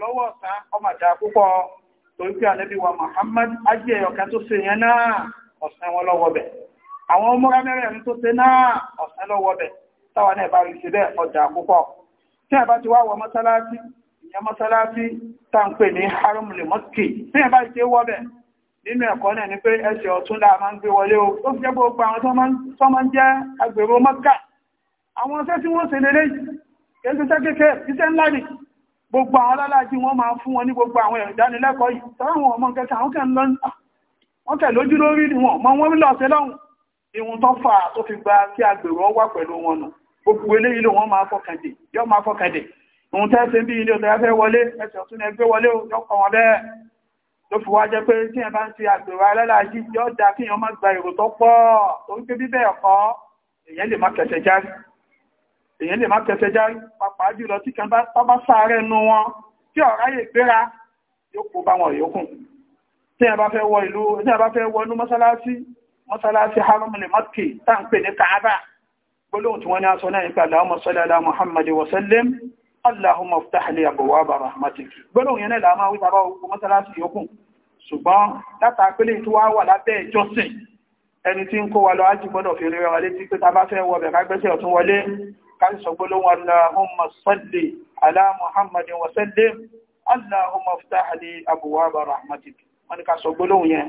lọ́wọ́ ọ̀sán ọmọ àjà púpọ̀ torí pé ànábì wa Muhammad ajé ọ̀kẹ́ tó ṣe yẹn náà ọ̀sán wọn lọ́wọ́ bẹ̀ àwọn ọmọra mẹ́rẹ̀ẹ̀rin tó ṣe náà ọ̀sán lọ́wọ́ bẹ̀ táwa náà bá rí ṣe bẹ́ẹ̀ ọjà púpọ̀ tí a bá ti wá wọ mọ́sálásí ìyẹn mọ́sálásí tá ń pè ní haramule mosque tí a bá ti wọ́ bẹ̀ nínú ẹ̀kọ́ náà ni pé ẹsẹ̀ ọ̀tún la máa ń gbé wọlé o ó fi jẹ́ gbogbo àwọn tó máa ń jẹ́ agbèrò mọ́kà àwọn ọ̀sẹ̀ tí wọ́n ṣe lélẹ́yìn kì kékeré gbogbo àwọn alálàájí wọ́n máa fún wọn ní gbogbo àwọn ìdánilẹ́kọ̀ọ́ yìí tọ́rọ̀wọ̀n ọmọ kẹta àwọn kẹ́ lọ ah, wọ́n tẹ̀ lójú lórí ni wọ́n mọ́ wọ́n lọ́ọ̀tẹ́ lọ́hùn ìwọ̀n tó fà tó fi gba kí agbèrò wà pẹ̀lú wọn nù gbogbo eléyìí ló wọ́n máa fọkàndè yọ́ máa fọkàndè ìwọ̀n tẹ́ ṣe bí ilé ọ̀tẹ́ fẹ́ èyàn lè má tẹsẹ̀ járí pàápàá jùlọ tí kan bá tọ́ bá sáré nu wọn tí ọ̀rá yè gbéra yóò kó bá wọn yòókùn tí a bá fẹ́ wọ ìlú tí a bá fẹ́ wọ inú mọ́sálásí mọ́sálásí haramule mọ́kì tá ń pè ní Kaaba gbólóhùn tí wọ́n ní aṣọ náà nípa Allahumma salli ala Muhammad wa sallim Allahumma iftah li abwaaba rahmatik gbólóhùn yẹn náà máa wí bàbá òkú mọ́sálásí yòókùn ṣùgbọ́n látà pélé tí wá wà lábẹ́ ìjọsìn ẹni tí ń kó wa lọ ájì gbọ́dọ̀ fi rí wa létí pé ta bá fẹ́ wọ bẹ̀ká gbẹ́sẹ̀ ọ̀tún wọlé ká sọ gbólóhùn Allahumma salli ala Muhammadin wa sallim Allahumma iftah li abwaba rahmatik wọ́n ní ká sọ gbólóhùn yẹn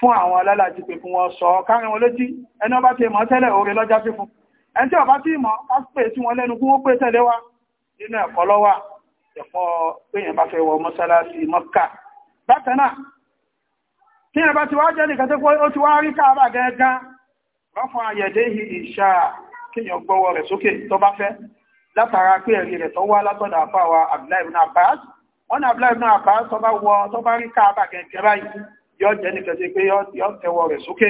fún àwọn alálàájí pé fún wọn sọ kárin wọn létí ẹni ọba ti mọ̀ tẹ́lẹ̀ orí lọ́já sí fún ẹni tí ọba ti mọ̀ ká pè tí wọn lẹ́nu kún ó pè tẹ́lẹ̀ wá nínú ẹ̀kọ́ lọ́wà kéèyàn gbọ́wọ́ rẹ̀ sókè tó bá fẹ́ látara pé ẹ̀rí rẹ̀ tó wá látọ̀dọ̀ àfa wa Abdullahi ibn Abbas wọn ní Abdullahi ibn Abbas tó bá wọ tó bá rí káàbà kẹ̀kẹ́ báyìí yóò jẹ́ nìkan sí pé yóò tẹ́wọ́ rẹ̀ sókè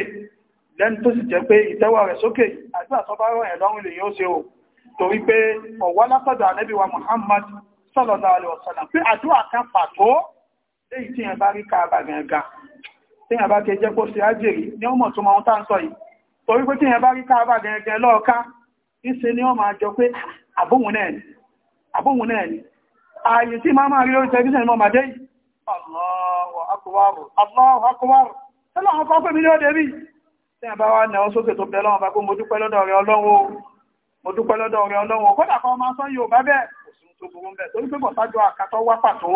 lẹ́nu tó sì jẹ́ pé ìtẹ́wọ́ rẹ̀ sókè àdúrà tó bá rọ̀ ẹ̀ lọ́rùn lè yóò ṣe o torí pé ọ̀wọ́ látọ̀dọ̀ ànábì Muhammad sallallahu alaihi wasallam pé àdúrà kan pàtó léyìí tí yẹn bá rí káàbà gẹ̀ẹ́gà tí yẹn bá kẹjẹ́ kó ṣe ájèrè ní ọmọ tó mọ ohun tá ń sọ yìí torí pé tí yẹn bá rí káàbà gẹ̀ẹ́gẹ́ lọ́ọ̀ká ìṣe ni ó máa jọ pé ah, àbóhun náà ni àbóhun náà ni ààyè tí máa máa rí lórí tẹlifíṣàn mọ́ màdé yìí Allahu akbar Allahu akbar tẹ́lọ́wọ́n kọ́ pé mi ní ó débí tí yẹn bá wá nà ó sókè tó bẹ́ lọ́wọ́n bá pé mo dúpẹ́ lọ́dọ̀ rẹ Ọlọ́run mo dúpẹ́ lọ́dọ̀ rẹ Ọlọ́run kódà kan máa sọ yóò bá bẹ́ẹ̀ òsùn tó burú bẹ́ẹ̀ torí pé bọ̀sájọ́ àkàtọ́ wá pàtó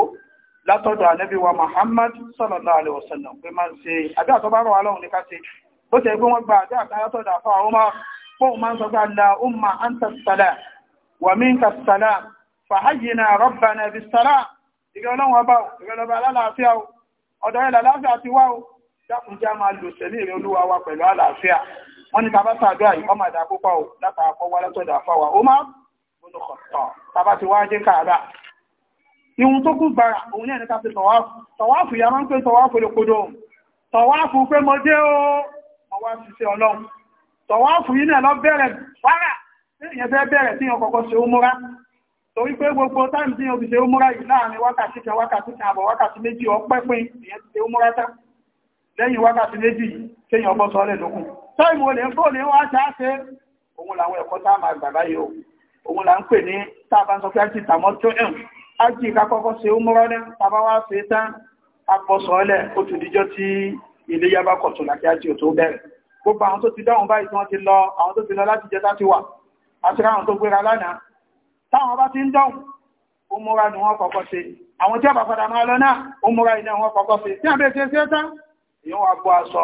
látọ̀dọ̀ ànẹ́bí wa Muhammad sallallahu alaihi wasallam pé máa ń ṣe àbí àtọ́bárọ̀ Ọlọ́run ní ká ṣe bó ṣe gbé wọ́n gba àdá àkáyátọ̀dà fún àwọn ọmọ fóun máa ń sọ pé àlà umma anta salam wa minka salam fàáyìnà rabbana bis salam ìrẹ́lọ́wọ́ ọba ìrẹ́lọ́ba alálàáfíà ọ̀dọ̀ ilẹ̀ aláàfíà ti wá o dákun jẹ́ máa lò sẹ́lẹ̀ ìrẹ́ olúwa pẹ̀lú àlàáfíà wọ́n ní tàbá sàdọ́ àyí ọmọ àdá púpọ̀ o látà àkọwọ́ látọ̀dà fáwà ó máa gbọ́nà kọ̀tọ̀ tàbá ti wáá dé kààrà tó kú gbára òun náà ní ká fi tọ̀wáfù tọ̀wáfù yà máa ń pè tọ̀wáfù lè kodo tọ̀wáfù pé mo dé o wá ṣiṣẹ́ ọlọ́run tọ̀wáàfù yìí náà lọ bẹ̀rẹ̀ fara èèyàn fẹ́ bẹ̀rẹ̀ tí yàn kọ́kọ́ ṣe ó múra gbogbo táìmù tí fi ṣe ó múra yìí láàrin wákàtí kan wákàtí kan àbọ̀ wákàtí méjì ọpẹ́pin èèyàn ti ṣe ó múra tán lẹ́yìn wákàtí méjì lókun táìmù olè ń wá òun làwọn ẹ̀kọ́ tá a máa o òun là ń pè ní a sọ pé ti tàmọ́ tó ẹ̀ á jì ká kọ́kọ́ ṣe ó múra gbogbo àwọn tó ti dáhùn báyìí tí wọ́n ti lọ àwọn tó ti lọ láti jẹta ti wà àti ráhùn tó gbéra lánàá táwọn bá ti ń dáhùn ó múra ní wọ́n kọ́kọ́ ṣe àwọn tí àbà padà máa lọ náà ó múra iná wọ́n kọ́kọ́ ṣe tí àbẹ́ ṣe ṣe tán èyàn wà bọ́ aṣọ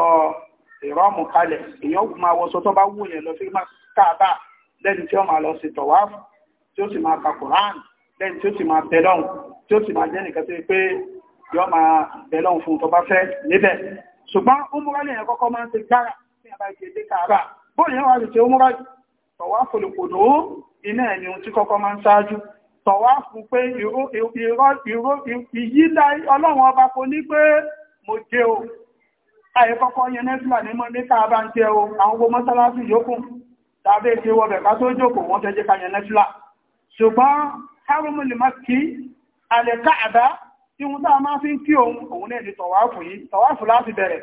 ìrọ́mù kalẹ̀ èyàn máa wọṣọ tó bá wù yẹn lọ sí káàbà lẹ́ni tí ó máa lọ sí tọ̀wáfù tí ó sì máa ka Quran lẹ́ni tí ó sì máa bẹ lọ́hùn tí ó sì máa jẹ́ nìkan pé yọ máa bẹ lọ́hùn fún tó bá fẹ́ níbẹ̀ ṣùgbọ́n ó múra lẹ́yìn máa ń ṣe gbára tí a bá ṣe dé kààbà bóòlù yẹn wà lè ṣe òmúra tọ̀wá fòlùkòdó iná ẹ̀ ni ohun tí kọ́kọ́ máa ń ṣáájú tọ̀wá fún pé ìyílá ọlọ́run ọba kò ní pé mo jẹ́ o àyè kọ́kọ́ yẹn nẹ́fìlà ní mọ́lé káàbá ń jẹ́ o àwọn owó mọ́sálásì yókù tàbí ṣe wọ́bẹ̀ ká tó jókòó wọ́n tẹ́jẹ́ ká yẹn nẹ́fìlà ṣùgbọ́n hárùmùlì má kí alẹ́ káàbá tí wọ́n tá a máa fi ń kí òun òun náà ní tọ̀wáfù yìí tọ̀wáfù láti bẹ̀rẹ̀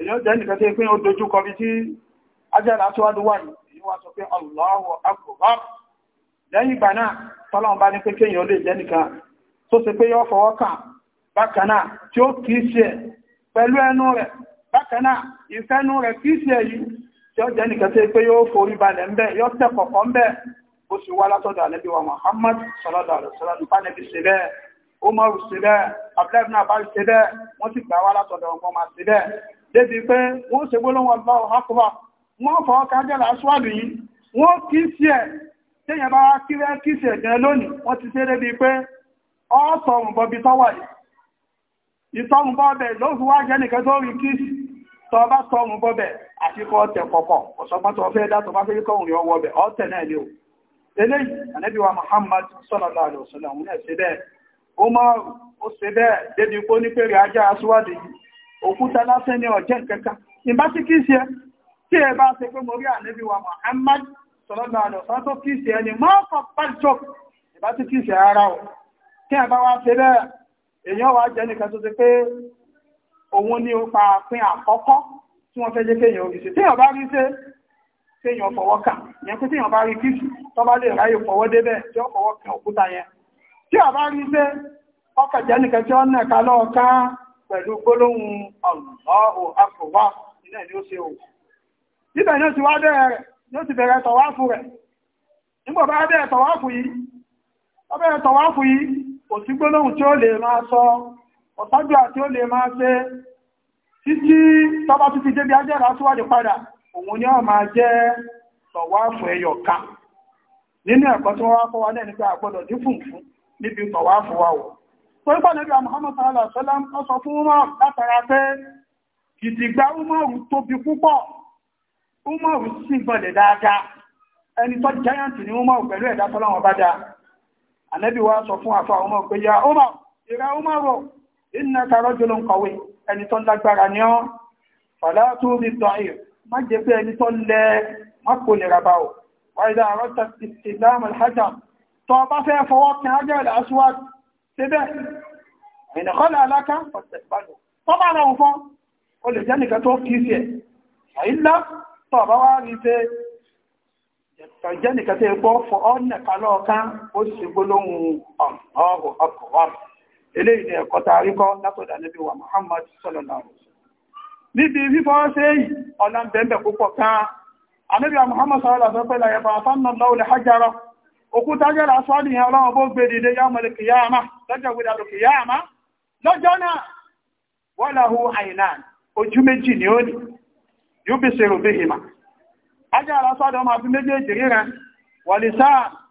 èyàn jẹ́ nìkan tí pín ó dojú kọ bí tí ajára aṣíwájú wà ní ìwà sọ pé Allahu Akbar lẹ́yìn ìgbà náà tọ́lọ́run bá ní pé kéèyàn lè jẹ́ nìkan tó ṣe pé yọ́ fọwọ́ kàn bákan náà tí ó kìí ṣe ẹ̀ pẹ̀lú ẹnu rẹ̀ bákan náà ìfẹ́nu rẹ̀ kìí ṣe yìí tí ó tí pé yóò forí balẹ̀ ńbẹ̀ yóò Umaru débi pé wọ́n ṣe gbólóhùn Allahu Akbar wọ́n fọ́ kájẹ́lá aṣọ́àdù yìí wọ́n kí sí ẹ̀ tẹ́yẹ̀ bá kíwẹ́ kí sí ẹ̀gẹ́ lónìí wọ́n ti ṣe débi pé ọ́sọ̀rùn bọ̀bí tọ́wà yìí ìtọ́rùn bọ́bẹ̀ ló fi wá jẹ́ nìkan tó rí kí tọ́ bá tọ́rùn bọ́bẹ̀ àti kọ́ tẹ̀ pọ̀pọ̀ ọ̀sọ̀gbọ́n tó fẹ́ dá tó bá fẹ́ kọ́rùn yọ Muhammad sallallahu alaihi wasallam náà ṣe bẹ́ẹ̀ ó máa ó ṣe bẹ́ẹ̀ débi pé ní pé rí ajá aṣíwádìí òkúta lásán ní ọ̀jẹ́ kẹta ìbá tí kìí ṣe tí ẹ bá ṣe pé mo rí ànábì wa Muhammad sọlọ́gbà àdọ̀sán tó kìí ṣe ẹni mọ́ọ̀kọ̀ pàjọ ìbá tí kìí ṣe ara ọ̀ tí ẹ bá wá ṣe bẹ́ẹ̀ èèyàn wá jẹ́ nìkan tó ṣe pé òun ní ipa pín àkọ́kọ́ tí wọ́n fẹ́ jẹ́ kéèyàn orí ṣe téèyàn bá rí ṣe téèyàn fọwọ́ kà yẹn pé téèyàn bá rí kìí tó bá lè ráyè fọwọ́ débẹ̀ tí ó fọwọ́ kan òkúta yẹn tí ó bá rí ṣe ọkọ̀ jẹ́ nìkan tí ó nà ká lọ́ọ̀kan pẹ̀lú gbólóhùn Allahu akbar ilẹ̀ ni ó ṣe o ibẹ̀ ni ó ti wá bẹ̀rẹ̀ rẹ̀ ni ó ti bẹ̀rẹ̀ tọ̀wáfù rẹ̀ nígbà bá bẹ̀rẹ̀ tọ̀wáfù yìí ó yìí kò sí tí ó lè máa sọ ọ̀sájú àti ó lè máa ṣe títí tọba títí débi síwájú padà òun ni ó máa jẹ́ ẹyọ nínú ẹ̀kọ́ tí wọ́n wá kọ́ wa torípọ̀ nẹ́bí Muhammad sallallahu alaihi wasallam ó sọ fún Umar látara pé ìdìgbà Umaru tóbi púpọ̀ Umaru sì gbọ̀lẹ̀ dáadáa ẹni tó giant ni Umaru pẹ̀lú ẹ̀dá tọ́lọ́wọ́ bá dáa ànẹ́bí wa sọ fún àfà Umaru pé ya Umar ìrà Umaru innaka rajulun qawi ẹni jẹ́ pé ẹni síbẹ̀ ìnìkọ́lẹ̀ aláká ọ̀sẹ̀gbàdùn wọ́n bá rọrùn fún o lè jẹ́ nìkan tó kìí sí ẹ̀ àìlá tó bá wá rí pé jẹ́ nìkan tó gbọ́ fọ́ ọ́nà kalọ́ọ̀ká ó sì gbólóhùn ọkọ̀wọ́n eléyìí ni ẹ̀kọ́ tààrí kọ́ látọ̀dà níbi wa Muhammad sallallahu níbi fífọ́ sí ọ̀nà bẹ̀ẹ̀bẹ̀ púpọ̀ kan àníbi wa Muhammad sallallahu alaihi wa sallam fánà lọ́wọ́lẹ̀ hajjara òkúta jẹ́ lásọ́dì yẹn ọlọ́run bó gbé dìde yọmọlẹ̀ kìyàmá lọ́jọ́ gbédàlù kìyàmá lọ́jọ́ náà wọ́láhù àìlàn ojú méjì ni ó ní yóò bí ṣe rògbé ìmà ajá lásọ́dì ọmọ àfi méjèèjì ríran wàlìsá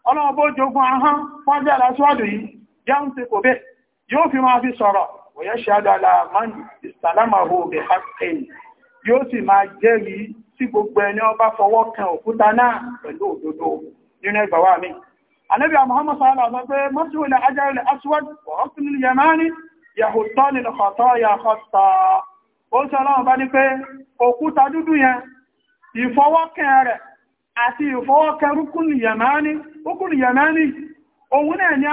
ọlọ́run bó jogun ahán fún ajá lásọ́dì yìí yáhùn ti kò bẹ́ yóò fi máa fi sọ̀rọ̀ wòye ṣàdàlà man ìsàlámàhù bẹ̀ haqqin yóò sì máa jẹ́rìí sí gbogbo ẹni ọba bá fọwọ́ kan òkúta náà pẹ̀lú òdodo nínú ẹgbàwá mi Ànábì Muhammad sallallahu alaihi wasallam pé mọ́sí ilẹ̀ ajẹ́rẹ̀ aswad ọ̀hún yamani yahutọ́ ni lọ́kọ̀tọ́ ya ọ̀tọ́ ó sọ lọ́wọ́ bá ní pé òkúta dúdú yẹn ìfọwọ́kẹ́ rẹ̀ àti yamani rúkún yamani òun náà ni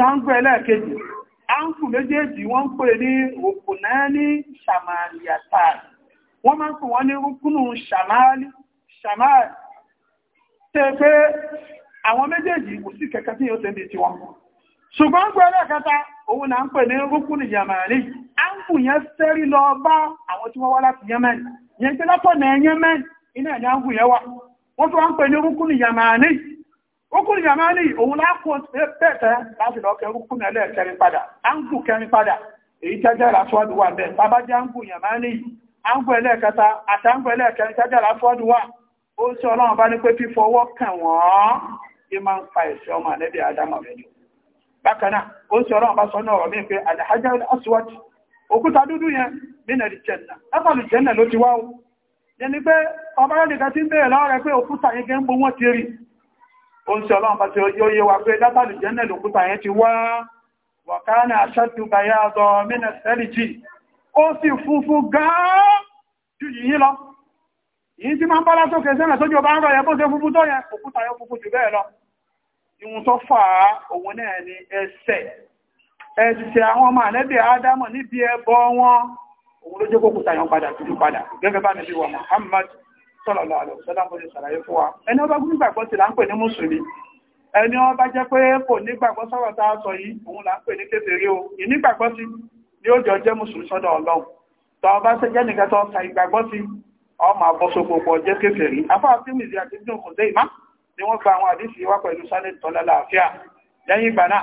a áńkù méjèèjì wọ́n ń pè ní rukunani ṣàmàlìyàtà wọ́n máa ń pè wọ́n ní rúkúnù ṣàmàlì ṣàmàlì tẹ́ pé àwọn méjèèjì kò sí kẹ̀kẹ́ tí yóò tẹ́lẹ̀ tí wọ́n ṣùgbọ́n pé ẹlẹ́kẹta òun náà ń pè ní rúkúnù yamani áńkù yẹn sẹ́rí lọ bá àwọn tí wọ́n wá láti yemen yẹn pé látọ̀nà yemen iná ẹ̀ ní áńkù yẹn wà wọ́n tó wá ń pè ní rúkúnù yamani Okùnrin Yàmánì òun lápò pẹ́ẹ̀tẹ́ láti lọ kẹrù kún ẹlẹ́ kẹrin padà, áńgù kẹrin padà, èyí jẹ́jẹ́ ìràṣọ́dù wà bẹ́ẹ̀. Bàbá jẹ́ áńgù Yàmánì, áńgù ẹlẹ́ẹ̀kẹta àti ẹlẹ́ẹ̀kẹrin jẹ́jẹ́ ìràṣọ́dù wà. Ó ọlọ́run bá ní pé fífọwọ́ kàn wọ́n, yí máa ń fa ọmọ mẹ́jọ. Bákan náà, ó ọlọ́run bá sọ o. ọba ó ń ṣe ọlọ́run bá ti yóò yé wa pé látàlì jẹ́nẹ̀ lòkúta yẹn ti wá wàkánà aṣẹ́dùgbà yá ọdọ mínẹsẹ́lìjì ó sì funfun gáà ju yìí lọ yìí tí máa ń bọ́lá sókè sẹ́nà sójú ọba ń rọ̀ yẹ bó ṣe funfun tó yẹn jù bẹ́ẹ̀ lọ òun ni ẹsẹ̀ ló jẹ́ kókúta yẹn padà tuntun padà gẹ́gẹ́ bá mi bí wa Muhammad sallallahu alaihi wasallam kò lè ṣàlàyé fún wa ẹni ọba gún nígbàgbọ́ sí là ń pè ní mùsùlùmí ẹni ọba jẹ́ pé kò nígbàgbọ́ sọ̀rọ̀ tá a sọ yìí òun là ń pè ní kékeré o ìnígbàgbọ́ sí ni ó jọ jẹ́ mùsùlùmí sọ́dọ̀ ọlọ́run tọ́ ọba ṣe jẹ́ nìkan tó ìgbàgbọ́ sí ọmọ àbọ̀sọ̀pọ̀ pọ̀ jẹ́ kékeré ni wọ́n gba àwọn àdísì wá pẹ̀lú sálẹ̀ tọ́lá láàfíà lẹ́yìn ìgbà náà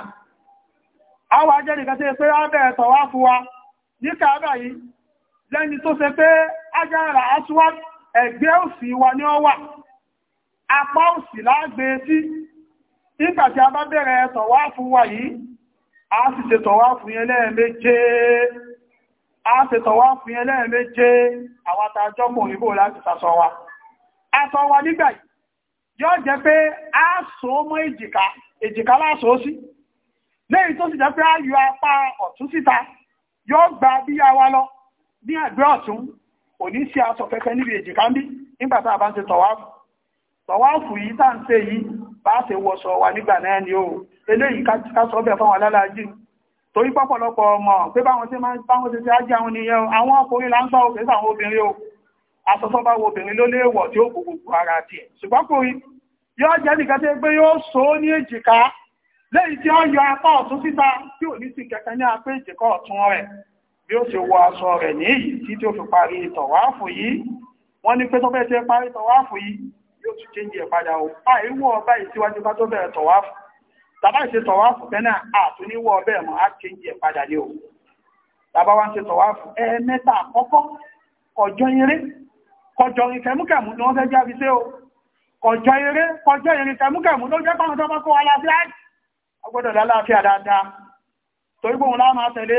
àwọn ajẹ́ nìkan tó ṣe pé á bẹ̀rẹ̀ tọ̀ wá fún wa ẹ̀gbẹ́ òsì wa ni ó wà apá òsì lágbé e sí nígbàtí a bá bẹ̀rẹ̀ tọ̀wáàfù wa yìí a sì ṣe tọ̀wáàfù yẹn lẹ́ẹ̀méje a ṣe tọ̀wáàfù yẹn lẹ́ẹ̀méje àwọn àtàjọ́mọ̀ òyìnbó láti sàṣọ wa aṣọ wa nígbà yìí yóò jẹ́ pé a so mọ́ èjìká èjìká láṣọ sí lẹ́yìn tó sì jẹ́ pé a yọ gba bí yá wa lọ ní ẹ̀gbẹ́ ọ̀tún kò ní sí aṣọ kẹkẹ níbi èjìká ń bí nígbà tá a bá ń ṣe tọ̀wáfù tọ̀wáfù yìí tá ń ṣe yìí bá ṣe wọṣọ wa nígbà náà ni o eléyìí ká sọ bẹ̀ fáwọn alálàájì torí pọ́pọ̀lọpọ̀ ọmọ pé báwọn ṣe báwọn ṣe ṣe ájí àwọn nìyẹn àwọn ọkùnrin là ń sọ òkè sáwọn obìnrin o asọsọ bá wo obìnrin ló léèwọ̀ tí ó kò gbogbo ara tiẹ̀ ṣùgbọ́n kò rí yóò jẹ́ nìkan tó gbé yóò so ó ní èjìká lẹ́yìn tí ó yọ apá ọ̀tún síta tí ò ní sí kẹ̀kẹ́ ní apá èjìká ọ̀tún rẹ̀ bí ó ṣe wọ aṣọ rẹ̀ ní èyí tí tí ó fi parí tọ̀wáàfù yìí wọ́n ní pé tó bẹ́ẹ̀ tẹ́ parí tọ̀wáàfù yìí yóò tún kéńjì ẹ̀ padà ó àìwọ̀ ọba ìsíwájú bá tó bẹ̀rẹ̀ tọ̀wáàfù tàbá ìṣe tọ̀wáàfù tẹ́nà àtúníwọ̀ ọbẹ̀ mọ́ á kéńjì ẹ̀ padà ní o tàbá wá ń ṣe tọ̀wáàfù ẹ mẹ́ta àkọ́kọ́ kọjọ́ eré kọjọ́ irin kẹmúkẹmú ni wọ́n jẹ́ pàmò tó bá láàfíà dáadáa torí gbóhùn láwọn tẹ̀lé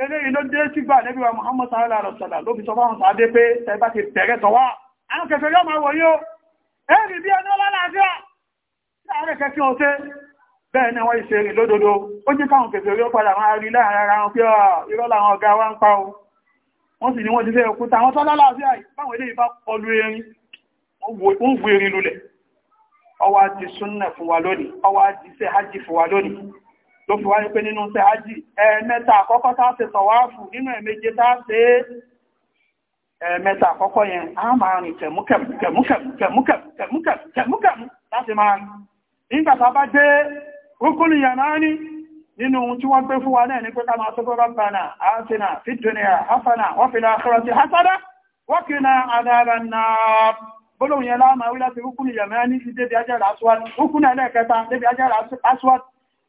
eléyìí ló dé sígbà Ànábì wa Muhammad sallallahu alaihi wasallam ló fi sọ fáwọn sàádé pé ẹ bá ti bẹ̀rẹ̀ tọ́wà àwọn kẹfẹ́ yóò máa wòye o ẹ́rì bí ẹni ọlọ́láàfíà láàárẹ̀ kẹfí ọ̀tẹ́ bẹ́ẹ̀ ni wọ́n ìṣe rìn lódodo ó jẹ́ káwọn kẹfẹ́ yóò padà máa rí láàárín ara wọn pé irọ́ làwọn ọ̀gá wa ń o wọ́n sì ni wọ́n ti fẹ́ òkúta àwọn tọ́lọ́láàfíà báwọn eléyìí bá kọlu erin wọ́n wù erin lulẹ̀ ọwá ti súnnà fún wa lónìí ọwá ti ṣe hajji fún wa lónìí ló fi wáyé pé nínú tẹ́ ájì ẹ̀ẹ̀mẹ́ta àkọ́kọ́ tá ṣe tọ̀wáàfù nínú ẹ̀ẹ̀méje tá ṣe ẹ̀ẹ̀mẹ́ta àkọ́kọ́ yẹn a máa rìn kẹ̀múkẹ̀mú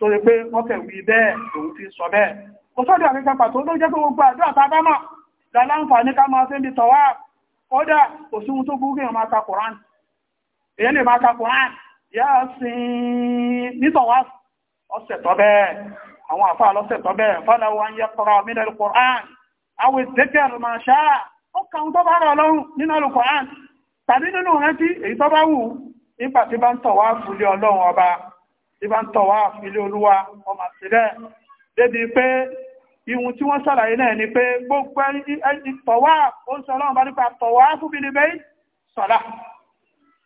tó rí pé wọ́n kẹ̀ wí bẹ́ẹ̀ òun fi sọ bẹ́ẹ̀ kò sọ́dọ̀ àríkà pàtó ló jẹ́ pé gbogbo àdúrà tá a bá mọ̀ láláǹfààní ká máa fẹ́ bí tọ́wà kódà kò sí ohun tó burú kéèyàn máa ka koran èyí lè máa ka koran yá sí nítọ̀wà ọ̀sẹ̀ tọ́ bẹ́ẹ̀ àwọn àfáà lọ́sẹ̀ tọ́ bẹ́ẹ̀ fọ́lá wa ń yẹ kọ́ra min al-Qur'an àwọn ìdẹ́kẹ́ àlọ́ máa ṣá ó kà ń tọ́ba rọ̀ lọ́rùn nínú al-Qur'an tàbí nínú rántí èyí tọ́ba wù nígbà tí bá ń tọ̀wà fúlé ọlọ́run ọba tí bá ń tọ̀ wá ilé olúwa ọmọ sílẹ̀ débi pé ihun tí wọ́n sàlàyé náà ni pé gbogbo ẹni tọ̀wá ó ń sọ ọlọ́run bá nípa tọ̀wá fún bí níbẹ̀ sọ̀lá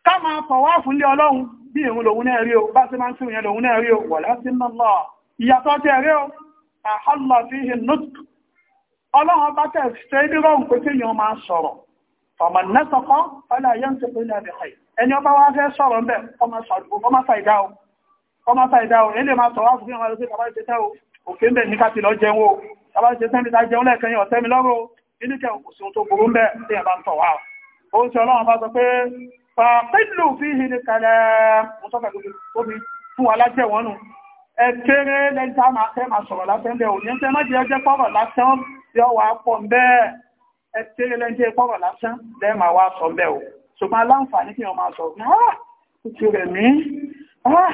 ká máa tọ̀wá fún lé ọlọ́run bí ìrun lòun náà rí o bá sí máa ń tún yẹn lòun náà rí o wọ̀lá sí mọ́lá ìyàtọ̀ tẹ́ rí o àhálà fi hin nùtù ọlọ́run bá tẹ̀ ṣe ní rọrùn pé kí yàn máa sọ̀rọ̀ ọmọ nẹ́sọ̀kọ́ ọlá yẹn ti pín ní ọmọ sáìdá o ilé máa sọ fún ọmọ ẹlẹ́sẹ̀ bàbá ìṣẹ́sẹ́ o òkè bẹ̀ ní káti lọ jẹun o bàbá ìṣẹ́sẹ́ mi ta jẹun lẹ́ẹ̀kan yẹn lọ́rọ̀ inú kẹ tó burú ń tí ẹ̀ bá ń tọ̀ wá o ń ọlọ́run bá sọ pé fàpẹ́lú fi hi kalẹ̀ mo sọ́kẹ́ fún wa lájẹ́ wọn nù ah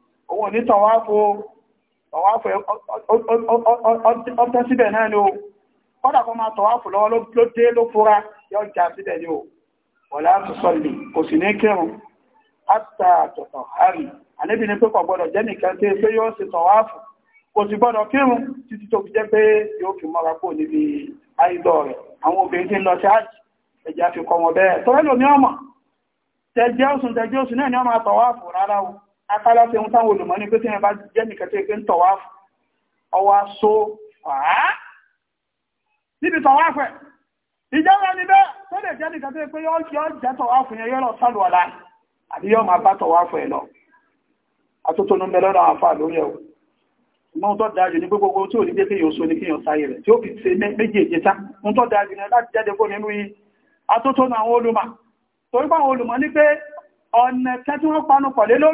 òun ní tọ̀wáfò tọ̀wáfò ọtọ́ síbẹ̀ náà ni o kọ́dà kọ́ máa tọ̀wáfò lọ́wọ́ ló dé ló fúra yọ jà síbẹ̀ ni o wọ̀lá tó sọ́lì kò sì ní kírun hátà tọ̀tọ̀ hárì àníbi ni pé kò gbọ́dọ̀ jẹ́ nìkan tí pé yóò sì tọ̀wáfò kò sì gbọ́dọ̀ kírun títí tó fi jẹ́ tẹ̀jẹ́ òsùn tẹ̀jẹ́ òsùn náà ni ọmọ àtọ̀wáfò rárá o afárá tí a táwọn olùmọ́ ní pé tí wọ́n bá jẹ́ nìkan tó so fàá níbi tọ̀wá fẹ̀ ìjọba ni bẹ́ẹ̀ tó lè jẹ́ nìkan tó pé yọ́ jẹ tọ̀wá fún yẹn yọrọ àbí máa bá lọ lórí gbogbo tí ò ní gbé so ní kéèyàn sáyé tí ó fi ṣe tó dájú ní láti jáde nínú yìí àwọn torí àwọn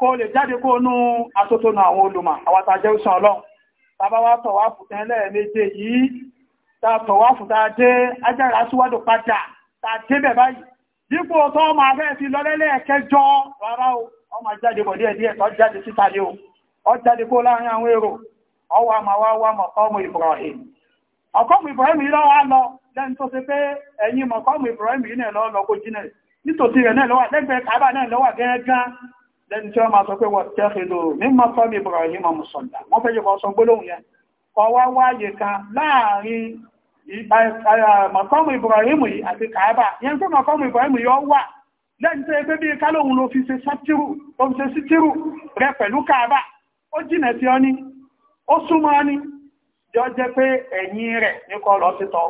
kó lè jáde kó nú atótónú àwọn olùmọ̀ àwátà jẹ́ ọlọ́run bàbá wa tọ̀wá fùtẹ́ lẹ́ẹ̀méje yìí ta tọ̀wá dé ajára padà ta báyìí dípò tó ma bẹ́ẹ̀ fi lọ́lẹ́lẹ́ rárá o ọ máa jáde bọ̀ díẹ̀ díẹ̀ o ọ jáde kó láàrin àwọn èrò wá mọ̀kọ́mù Ibrahim Ibrahim yìí lọ́wọ́ lọ lẹ́nu tó ṣe pé mọ̀kọ́mù Ibrahim yìí náà lẹ́ni tí wọ́n máa sọ pé wọ́n tẹ́kìlò mímọ̀ fọ́mí Ibrahim musalla wọ́n fẹ́ jẹ́kọ́ sọ gbólóhùn yẹn ọwá wáyé kan láàrin mọ̀kọ́mù Ibrahim yìí àti Kaaba yẹn tó mọ̀kọ́mù Ibrahim yìí ọ wà lẹ́ni tó ẹgbẹ́ bí kálóhun ló fi ṣe sítírù rẹ pẹ̀lú Kaaba ó jìnà sí ọ ní ó súnmọ́ ọ ní jọ jẹ́ pé ẹ̀yìn rẹ̀ ní kọ́ lọ sí tọ́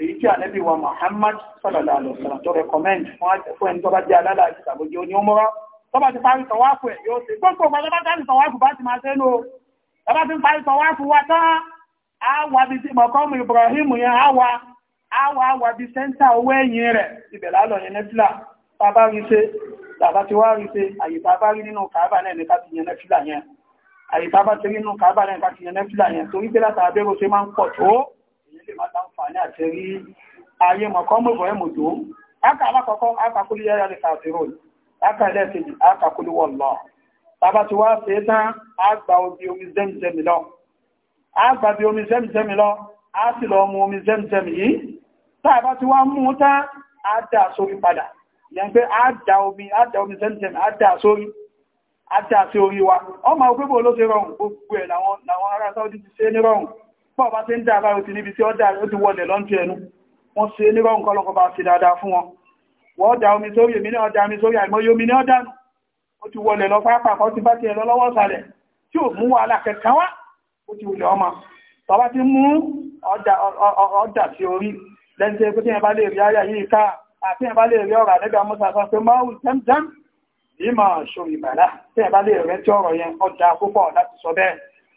èyí tí ànẹ́bí wa Muhammad sallallahu alaihi wasallam tó recommend fún ẹni tó bá jẹ́ alára àti ìsàbójú oní ọmọrọ́ tó bá ti parí tọ̀wáfù ẹ̀ yóò ṣe gbogbo ọgbà lọ́bá tàbí tọ̀wáfù bá ti máa ṣe lò ó bá ti parí tọ̀wáfù wa tán á wà bí ti mọ̀kọ́mù Ibrahim yẹn á wà á wà wà bí sẹ́ńtà owó ẹ̀yìn rẹ̀ ibẹ̀ lálọ́ yẹn nẹ́fìlà bàbá rí ṣe bàbá ti wá rí ṣe àyè bàbá rí nínú kàábà náà ní ká ti yẹn nẹ́fìlà yẹn àyè bàbá ti rí nínú kàábà náà ní ká ti yẹn nẹ́fìlà yẹn torí pé látàbẹ́rò ṣe máa ń pọ̀ tó lè máa láǹfààní wá ṣe tán a gba omi omi zẹ́mìzẹ́mì lọ a gba bí omi zẹ́mìzẹ́mì lọ a sì lọ mu omi zẹ́mìzẹ́mì yìí tá a bá ti wá mú tán a dà sórí padà yẹn pé a dà omi a dà omi zẹ́mìzẹ́mì a dà sórí a dà sí orí wa ọmọ òpébò ló ṣe rọrùn gbogbo ẹ̀ pọ̀ bá ti ń dà báyìí ti níbi tí ó dà ó ti wọlẹ̀ lọ́njú ẹnu wọ́n ṣe ní rọrùn kọlọ́kọ́ bá ṣe dáadáa fún wọn wọ́n dà omi sórí èmi náà dà omi sórí àìmọye omi náà dànù ó ti wọlẹ̀ lọ pápákọ́ ti bá ti ẹ̀lọ lọ́wọ́ sàlẹ̀ tí ò mú wàhálà kẹta wá ó ti wùlẹ̀ ọmọ tọba ti mú ọjà sí orí lẹ́yìn tí ẹgbẹ́ bá lè rí ayà yìí ká àti ẹ̀bá lè rí ọ̀rọ̀ àdẹ́gbà mọ́sà sọ pé máa wùl tẹ́mtẹ́m ní máa ṣòrì bàlá tí ẹ̀bá lè rẹ́ tí ọ̀rọ̀ yẹn ọjà púpọ̀ láti sọ bẹ́ẹ̀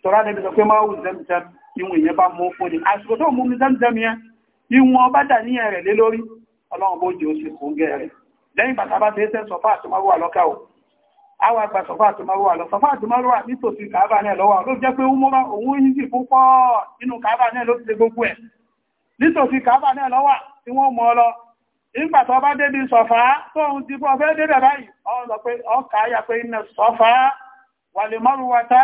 tọ́rá nẹ́bí sọ pé máa wù zẹ́mìzẹ́m ìwọ̀n ìyẹn bá mú fún ni àsìkò tó mú mi zẹ́mìzẹ́m yẹn ìwọ̀n bá dà níyẹn rẹ̀ lé lórí ọlọ́run bó jẹ́ ó sì fún gẹ́ rẹ̀ lẹ́yìn bàtà bá ti ṣe sọ̀fà àti márùwà lọ́kà o àwọn àgbà sọ̀fà àti márùwà lọ sọ̀fà àti márùwà nítòsí kàábà náà lọ́wọ́ ló jẹ́ pé umura òun yìí sì púpọ̀ nínú kàábà náà ló ti ṣe gbogbo ẹ̀ nítòsí kàábà náà lọ́wọ́ tí wọ́n mọ̀ lọ nígbà tó bá débi sọ̀fà tó ń ti bọ́ fẹ́ débẹ̀ báyìí ọ lọ pé ọ kàáyà pé iná sọ̀fà wàlẹ̀ márùwà tá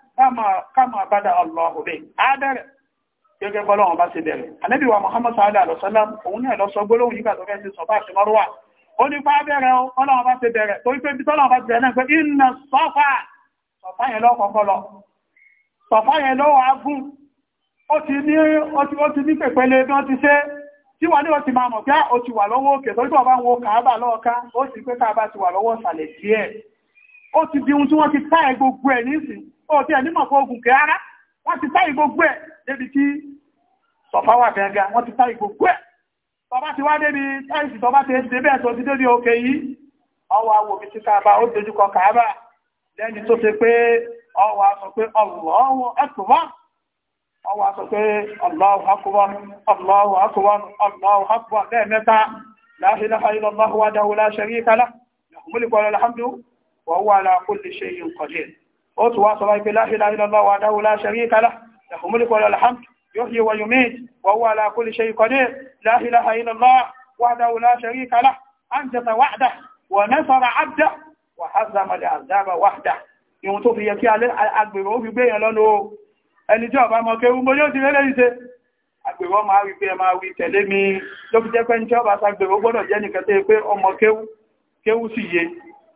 kama bada Allah obe a bẹ̀rẹ̀ gẹ́gẹ́ bọ́lọ́wọ́n bá ṣe bẹ̀rẹ̀ Ànábì wa Muhammad sallallahu alaihi wasallam òun ní ẹ̀lọ́sọ gbólóhùn nígbà tó fẹ́ sí sọ bá ṣe mọ́rúwà ó ní pa bẹ̀rẹ̀ ọlọ́wọ́n bá ṣe bẹ̀rẹ̀ torí pé bí tọ́lọ́wọ́n bá ṣe bẹ̀rẹ̀ náà pé inna sọ́fà sọ́fà yẹn lọ́kọ̀ọ́kọ́ lọ sọ́fà yẹn lọ́wọ́ agún ó ti ní ó ti ní pèpele bí wọ́n ti ṣe tí wà ní ó ti máa mọ̀ pé ah, ó ti wà lọ́wọ́ òkè torí tó bá wọn kàábà lọ́ọ̀ká ó sì pé káàbà ti wà lọ́wọ́ ìsàlẹ̀ díẹ̀ ó ti di ohun tí wọ́n ti táyẹ̀ gbogbo ẹ̀ nísìn ó ti ẹ̀ nímọ̀ fún ogun kẹ́ ara wọ́n ti táyẹ̀ gbogbo ẹ̀ débi tí sọ̀fà wà gẹ́gẹ́ wọ́n ti táyẹ̀ gbogbo ẹ̀ tọba ti wá débi táyìsì tọba ti ti débẹ̀ tó ti débi òkè yìí ọwọ́ awò mi ti káàbà ó dojúkọ káàbà lẹ́ni tó ṣe pé ọwọ́ aṣọ pé Allahu akbar ọwọ́ aṣọ pé Allahu akbar Allahu akbar Allahu akbar lẹ́ẹ̀mẹ́ta la ilaha illallahu wahdahu la sharika lahu lahul mulku wa lahul hamdu وهو على كل شيء قدير أتوا صلى لا إله إلا الله وحده لا شريك له له الملك وله الحمد يحيي ويميت وهو على كل شيء قدير لا إله إلا الله وحده لا شريك له أنجز وحده ونصر عبده وحزم الأحزاب وحده ìwọ̀n tó fi yẹ kí agbèrò ó fi gbé yẹn lọ́nà o ẹni tí ọba mọ̀ kéwú mo yóò ti rẹ́lẹ́ ìṣe agbèrò ọmọ àrí pé ẹmà wí tẹ̀lé mi ló fi jẹ́ pé ní tí ọba sagbèrò gbọ́dọ̀ jẹ́ nìkan tẹ́ pé ọmọ kéwú kéwú sì yé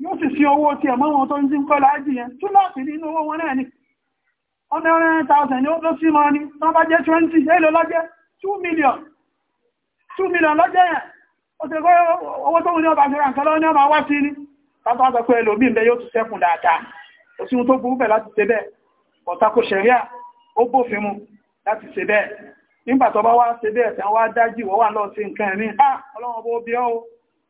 yóò sì sí owó tí ẹ̀mọ́ wọn tó ń dín kọ́lá ájì yẹn tún láti nínú owó wọn náà ni ọmọ ẹran thousand ni ó tó sí mọ́ ní tán bá jẹ́ 20 èlò lọ́jẹ́ 2 million 2 million lọ́jẹ́ yẹn ó ti kọ́ owó tó wù ní ọba ṣẹ́ra nǹkan lọ́wọ́ ní ọmọ wá sí ní tàbí wọ́n sọ pé ẹlòmí ń bẹ yóò tún sẹ́kùn dáadáa ó sì ń tó burú bẹ̀ láti ṣe bẹ́ẹ̀ ọ̀tá kò ṣẹ̀ríà ó bófin mu láti ṣe bẹ́ẹ̀ nígbà tó bá wá ṣe bẹ́ẹ̀ tán wá dájì wọ́n wà lọ sí nǹkan ẹ̀mí ah ọlọ́run bó bí ọ́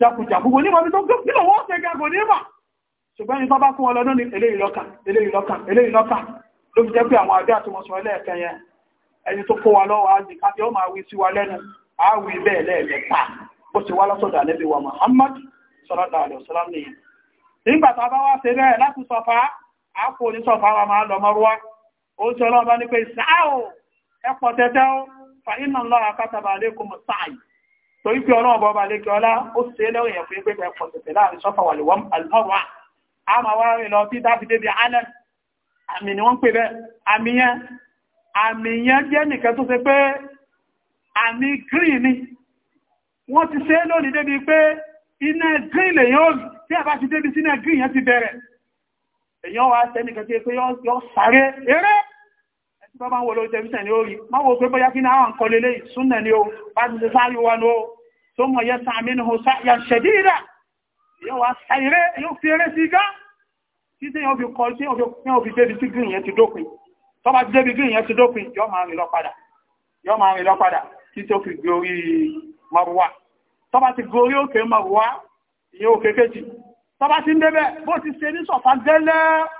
jákùjákù kò nímọ̀ tó kí lọ wọ́n tẹ́gà kò nímọ̀ ṣùgbọ́n ní tọ́bá fún ọlọ́dún ní eléyìnlọ́kà eléyìnlọ́kà eléyìnlọ́kà ló fi jẹ́ pé àwọn ẹni tó kó wa lọ́wọ́ káfí ọmọ àwí sí wa lẹ́nu àwí bẹ́ẹ̀ lẹ́ẹ̀lẹ́ta a torí pé ọlọ́run bọ́ba lékè ọlá ó ṣe lẹ́rìn yẹn fún yín pé pẹ́ pọ̀ tẹ̀tẹ̀ láàrin sọ́fà wà lẹ́wọ́n alùpàwà á máa wá rìn lọ bí dábì débi alẹ́ àmì ni wọ́n ń pè bẹ́ẹ̀ àmì yẹn àmì yẹn jẹ́ nìkan tó ṣe pé àmì green ni wọ́n ti ṣe lónìí débi pé iná green lèyàn ó tí a bá ti débi sí iná green yẹn ti bẹ̀rẹ̀ èyàn wá sẹ́nìkan tí yọ sáré eré tó bá ń wo lórí tẹ̀mísẹ̀ ní orí má wo pé bóyá kí náà ń kọlé lé ìsúnnà ní o bá ti sáré wa ní o tó mọ̀ yẹ sàmì ní hosa yà ṣẹ̀dí ìdá yóò wá sàìrẹ́ yóò fi eré sí igá tí tí yóò fi kọ sí yóò fi débi tí green yẹn ti dópin tó bá ti débi green yẹn ti dópin yóò máa rìn lọ padà yóò máa rìn lọ padà tí tó fi gorí maruwa tó bá ti gorí òkè maruwa ìyẹn òkè kejì tó bá ti ń débẹ̀ bó ti ṣe ní sọ̀fà gẹ́lẹ́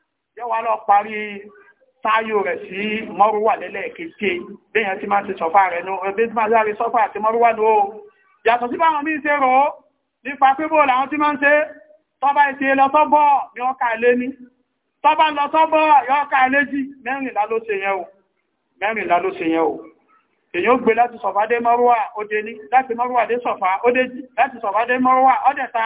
yóò wá lọ parí táyò rẹ̀ sí mọ́rúwà lẹ́lẹ́keje bẹ́yẹn tí máa ti sọ́fà rẹ̀ nú ẹgbẹ́ tí máa sáré sọ́fà àti mọ́rúwà nú o yàtọ̀ sí báwọn míì ṣe rọ̀ ó nípa pé bó làwọn tí máa ń ṣe tọ́ba ìṣe lọ sọ́bọ̀ ni wọ́n ká ilé ní tọ́ba lọ sọ́bọ̀ yọ́ ká ilé jì mẹ́rìnlá ló ṣe yẹn o mẹ́rìnlá ló ṣe yẹn o èyàn gbé láti sọ̀fà dé mọ́rúwà ó dé ní láti mọ́rúwà dé sọ̀fà ó dé láti sọ̀fà dé mọ́rúwà ó dẹ̀ ta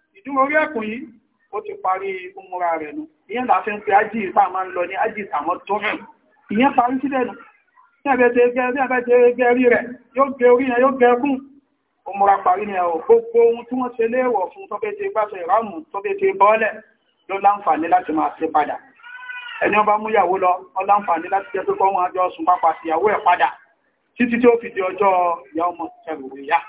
ìdúró orí ẹ̀kùn yìí ó ti parí umura rẹ̀ nù ìyẹn là fi ń pe ájì ìta máa ń lọ ní ájì ìtàmọ́ tó rẹ̀ ìyẹn parí sílẹ̀ nù ní ẹ̀bẹ̀ tẹ gẹ́ rí rẹ̀ yóò gẹ orí yẹn yóò gẹ ẹkùn umura parí ni ẹ̀wọ̀ gbogbo ohun tí wọ́n ṣe léèwọ̀ fún tọ́bẹ̀ ti gbàṣọ ìrámù tọ́bẹ̀ ti bọ́ọ̀lẹ̀ ló láǹfààní láti máa ṣe padà ẹni ọba mú ìyàwó lọ ọ láǹfààní láti jẹ́ tó kọ́ wọn àjọ sùn pápá ìyàwó ẹ̀ padà títí tí ó fi di ọjọ́ ìyá ọmọ ìṣẹ̀rù ìyá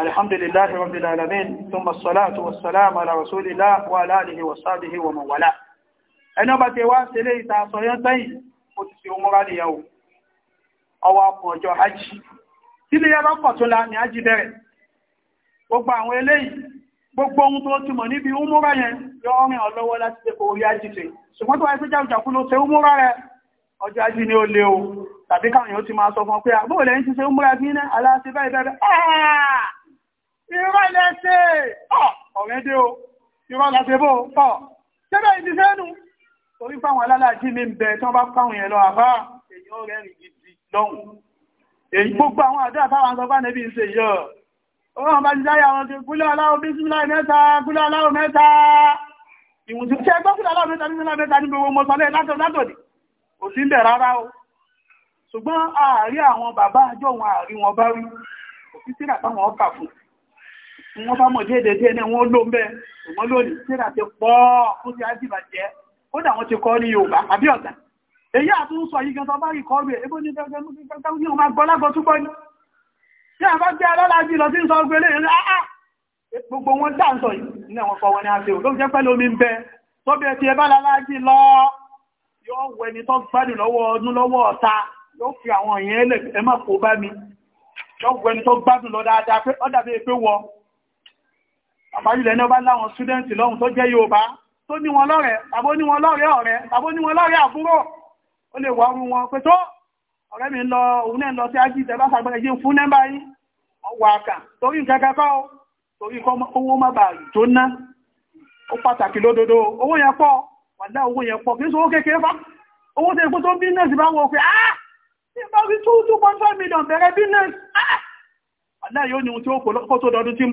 الحمد لله رب العالمين ثم الصلاة والسلام على رسول الله وعلى آله وصحبه ومن والاه ẹni ọba ti wá sílé ìta àsọyán sẹ́yìn ó ti fi òmúra níyàwó ọwọ́ ọkùn ọjọ́ hajj tí lè yára pọ̀ tó la ní hajj bẹ̀rẹ̀ gbogbo àwọn eléyìí gbogbo ohun tó ti mọ̀ níbi òmúra yẹn yọ rìn ọlọ́wọ́ láti ṣe kò rí hajj ṣe ṣùgbọ́n tó wáyé pé jáwùjákú ló ṣe òmúra rẹ̀ ọjọ́ hajj ni ó lé o tàbí káwọn yóò ti máa sọ fún ọ pé àbúrò lẹ́yìn ti ṣe òmúra bí ní aláṣẹ báyìí bẹ́ẹ̀ irọ́ ilẹ̀ ṣe ọ̀rẹ́ dé o irọ́ láti bó ọ̀ ṣẹ́bẹ̀ ìdí sẹ́nu torí fáwọn alálàájí mi ń bẹ tí wọ́n bá fáwọn yẹn lọ àbá èyàn rẹ̀ rìn gidi lọ́hùn èyí gbogbo àwọn àdá táwọn sọ fáwọn ẹbí ń ṣe yọ ọ̀rọ̀ bá ti dáyà wọn ṣe gúlẹ̀ aláwọ̀ bísímílà mẹ́ta gúlẹ̀ aláwọ̀ mẹ́ta ìwùn ti ṣe gbọ́ gúlẹ̀ aláwọ̀ mẹ́ta bísímílà mẹ́ta ní gbogbo mọ́ sọlẹ̀ látọ̀ látọ̀dì kò sí ń bẹ̀ rárá o ṣùgbọ́n àárí àwọn bàbá àjọ wọn àárí wọn bá rí òfin síra táwọn ọkà fún wọ́n bá mọ̀ déédéé díẹ̀ náà wọ́n ló ń bẹ́ ṣùgbọ́n lónìí tíra ti pọ̀ ó ti ájìbà jẹ́ ó dà wọ́n ti kọ́ ní Yorùbá àbí ọ̀tà èyí àtún sọ yìí gan tó bá rí kọ́ rẹ̀ ebó ní gẹ́gẹ́ ní ọmọ agbọ́lágbọ́ túbọ̀ ní tí a bá gbé alọ́lájì lọ sí ń sọ gbélé rẹ̀ áá gbogbo wọn dá ń sọ yìí ní àwọn ọkọ̀ wọn ni a ṣe ò ló jẹ́ pẹ́lú omi ń bẹ tó bí ẹtì ẹbá lálájì lọ yóò wẹ ni tó gbádùn lọ́wọ́ ọdún lọ́wọ́ ọ̀ta yóò fi àwọn èèyàn ẹlẹ́ ẹ má kó bá mi yóò wẹ ni tó gbádùn lọ dáadáa pé ó dàbí pé wọ àpájùlẹ̀ ní ọba láwọn ṣúdẹ́ntì lọ́hun tó jẹ́ Yorùbá tó ní wọn lọ́rẹ̀ tàbó ní wọn lọ́rẹ̀ ọ̀rẹ́ tàbó ní wọn lọ́rẹ̀ àbúrò ó lè wọ ọrùn wọn pé tó ọ̀rẹ́ mi lọ òun náà lọ sí ájí ìtẹ́bá sàgbẹ́rẹ́ jí fún nẹ́mbà yìí ọwọ́ àkà torí nǹkan kẹ́kọ́ o torí kọ́ owó má bàa jóná ó pàtàkì lódodo owó yẹn pọ̀ wàdá owó yẹn pọ̀ kì í sọ owó kékeré fa owó tẹ́ ikú tó bínẹ́sì bá wọ pé ah ti bá rí two two point five million bẹ̀rẹ̀ bínẹ́sì ah wàdá yóò ní ohun tí ó kó tó dọdún tí ń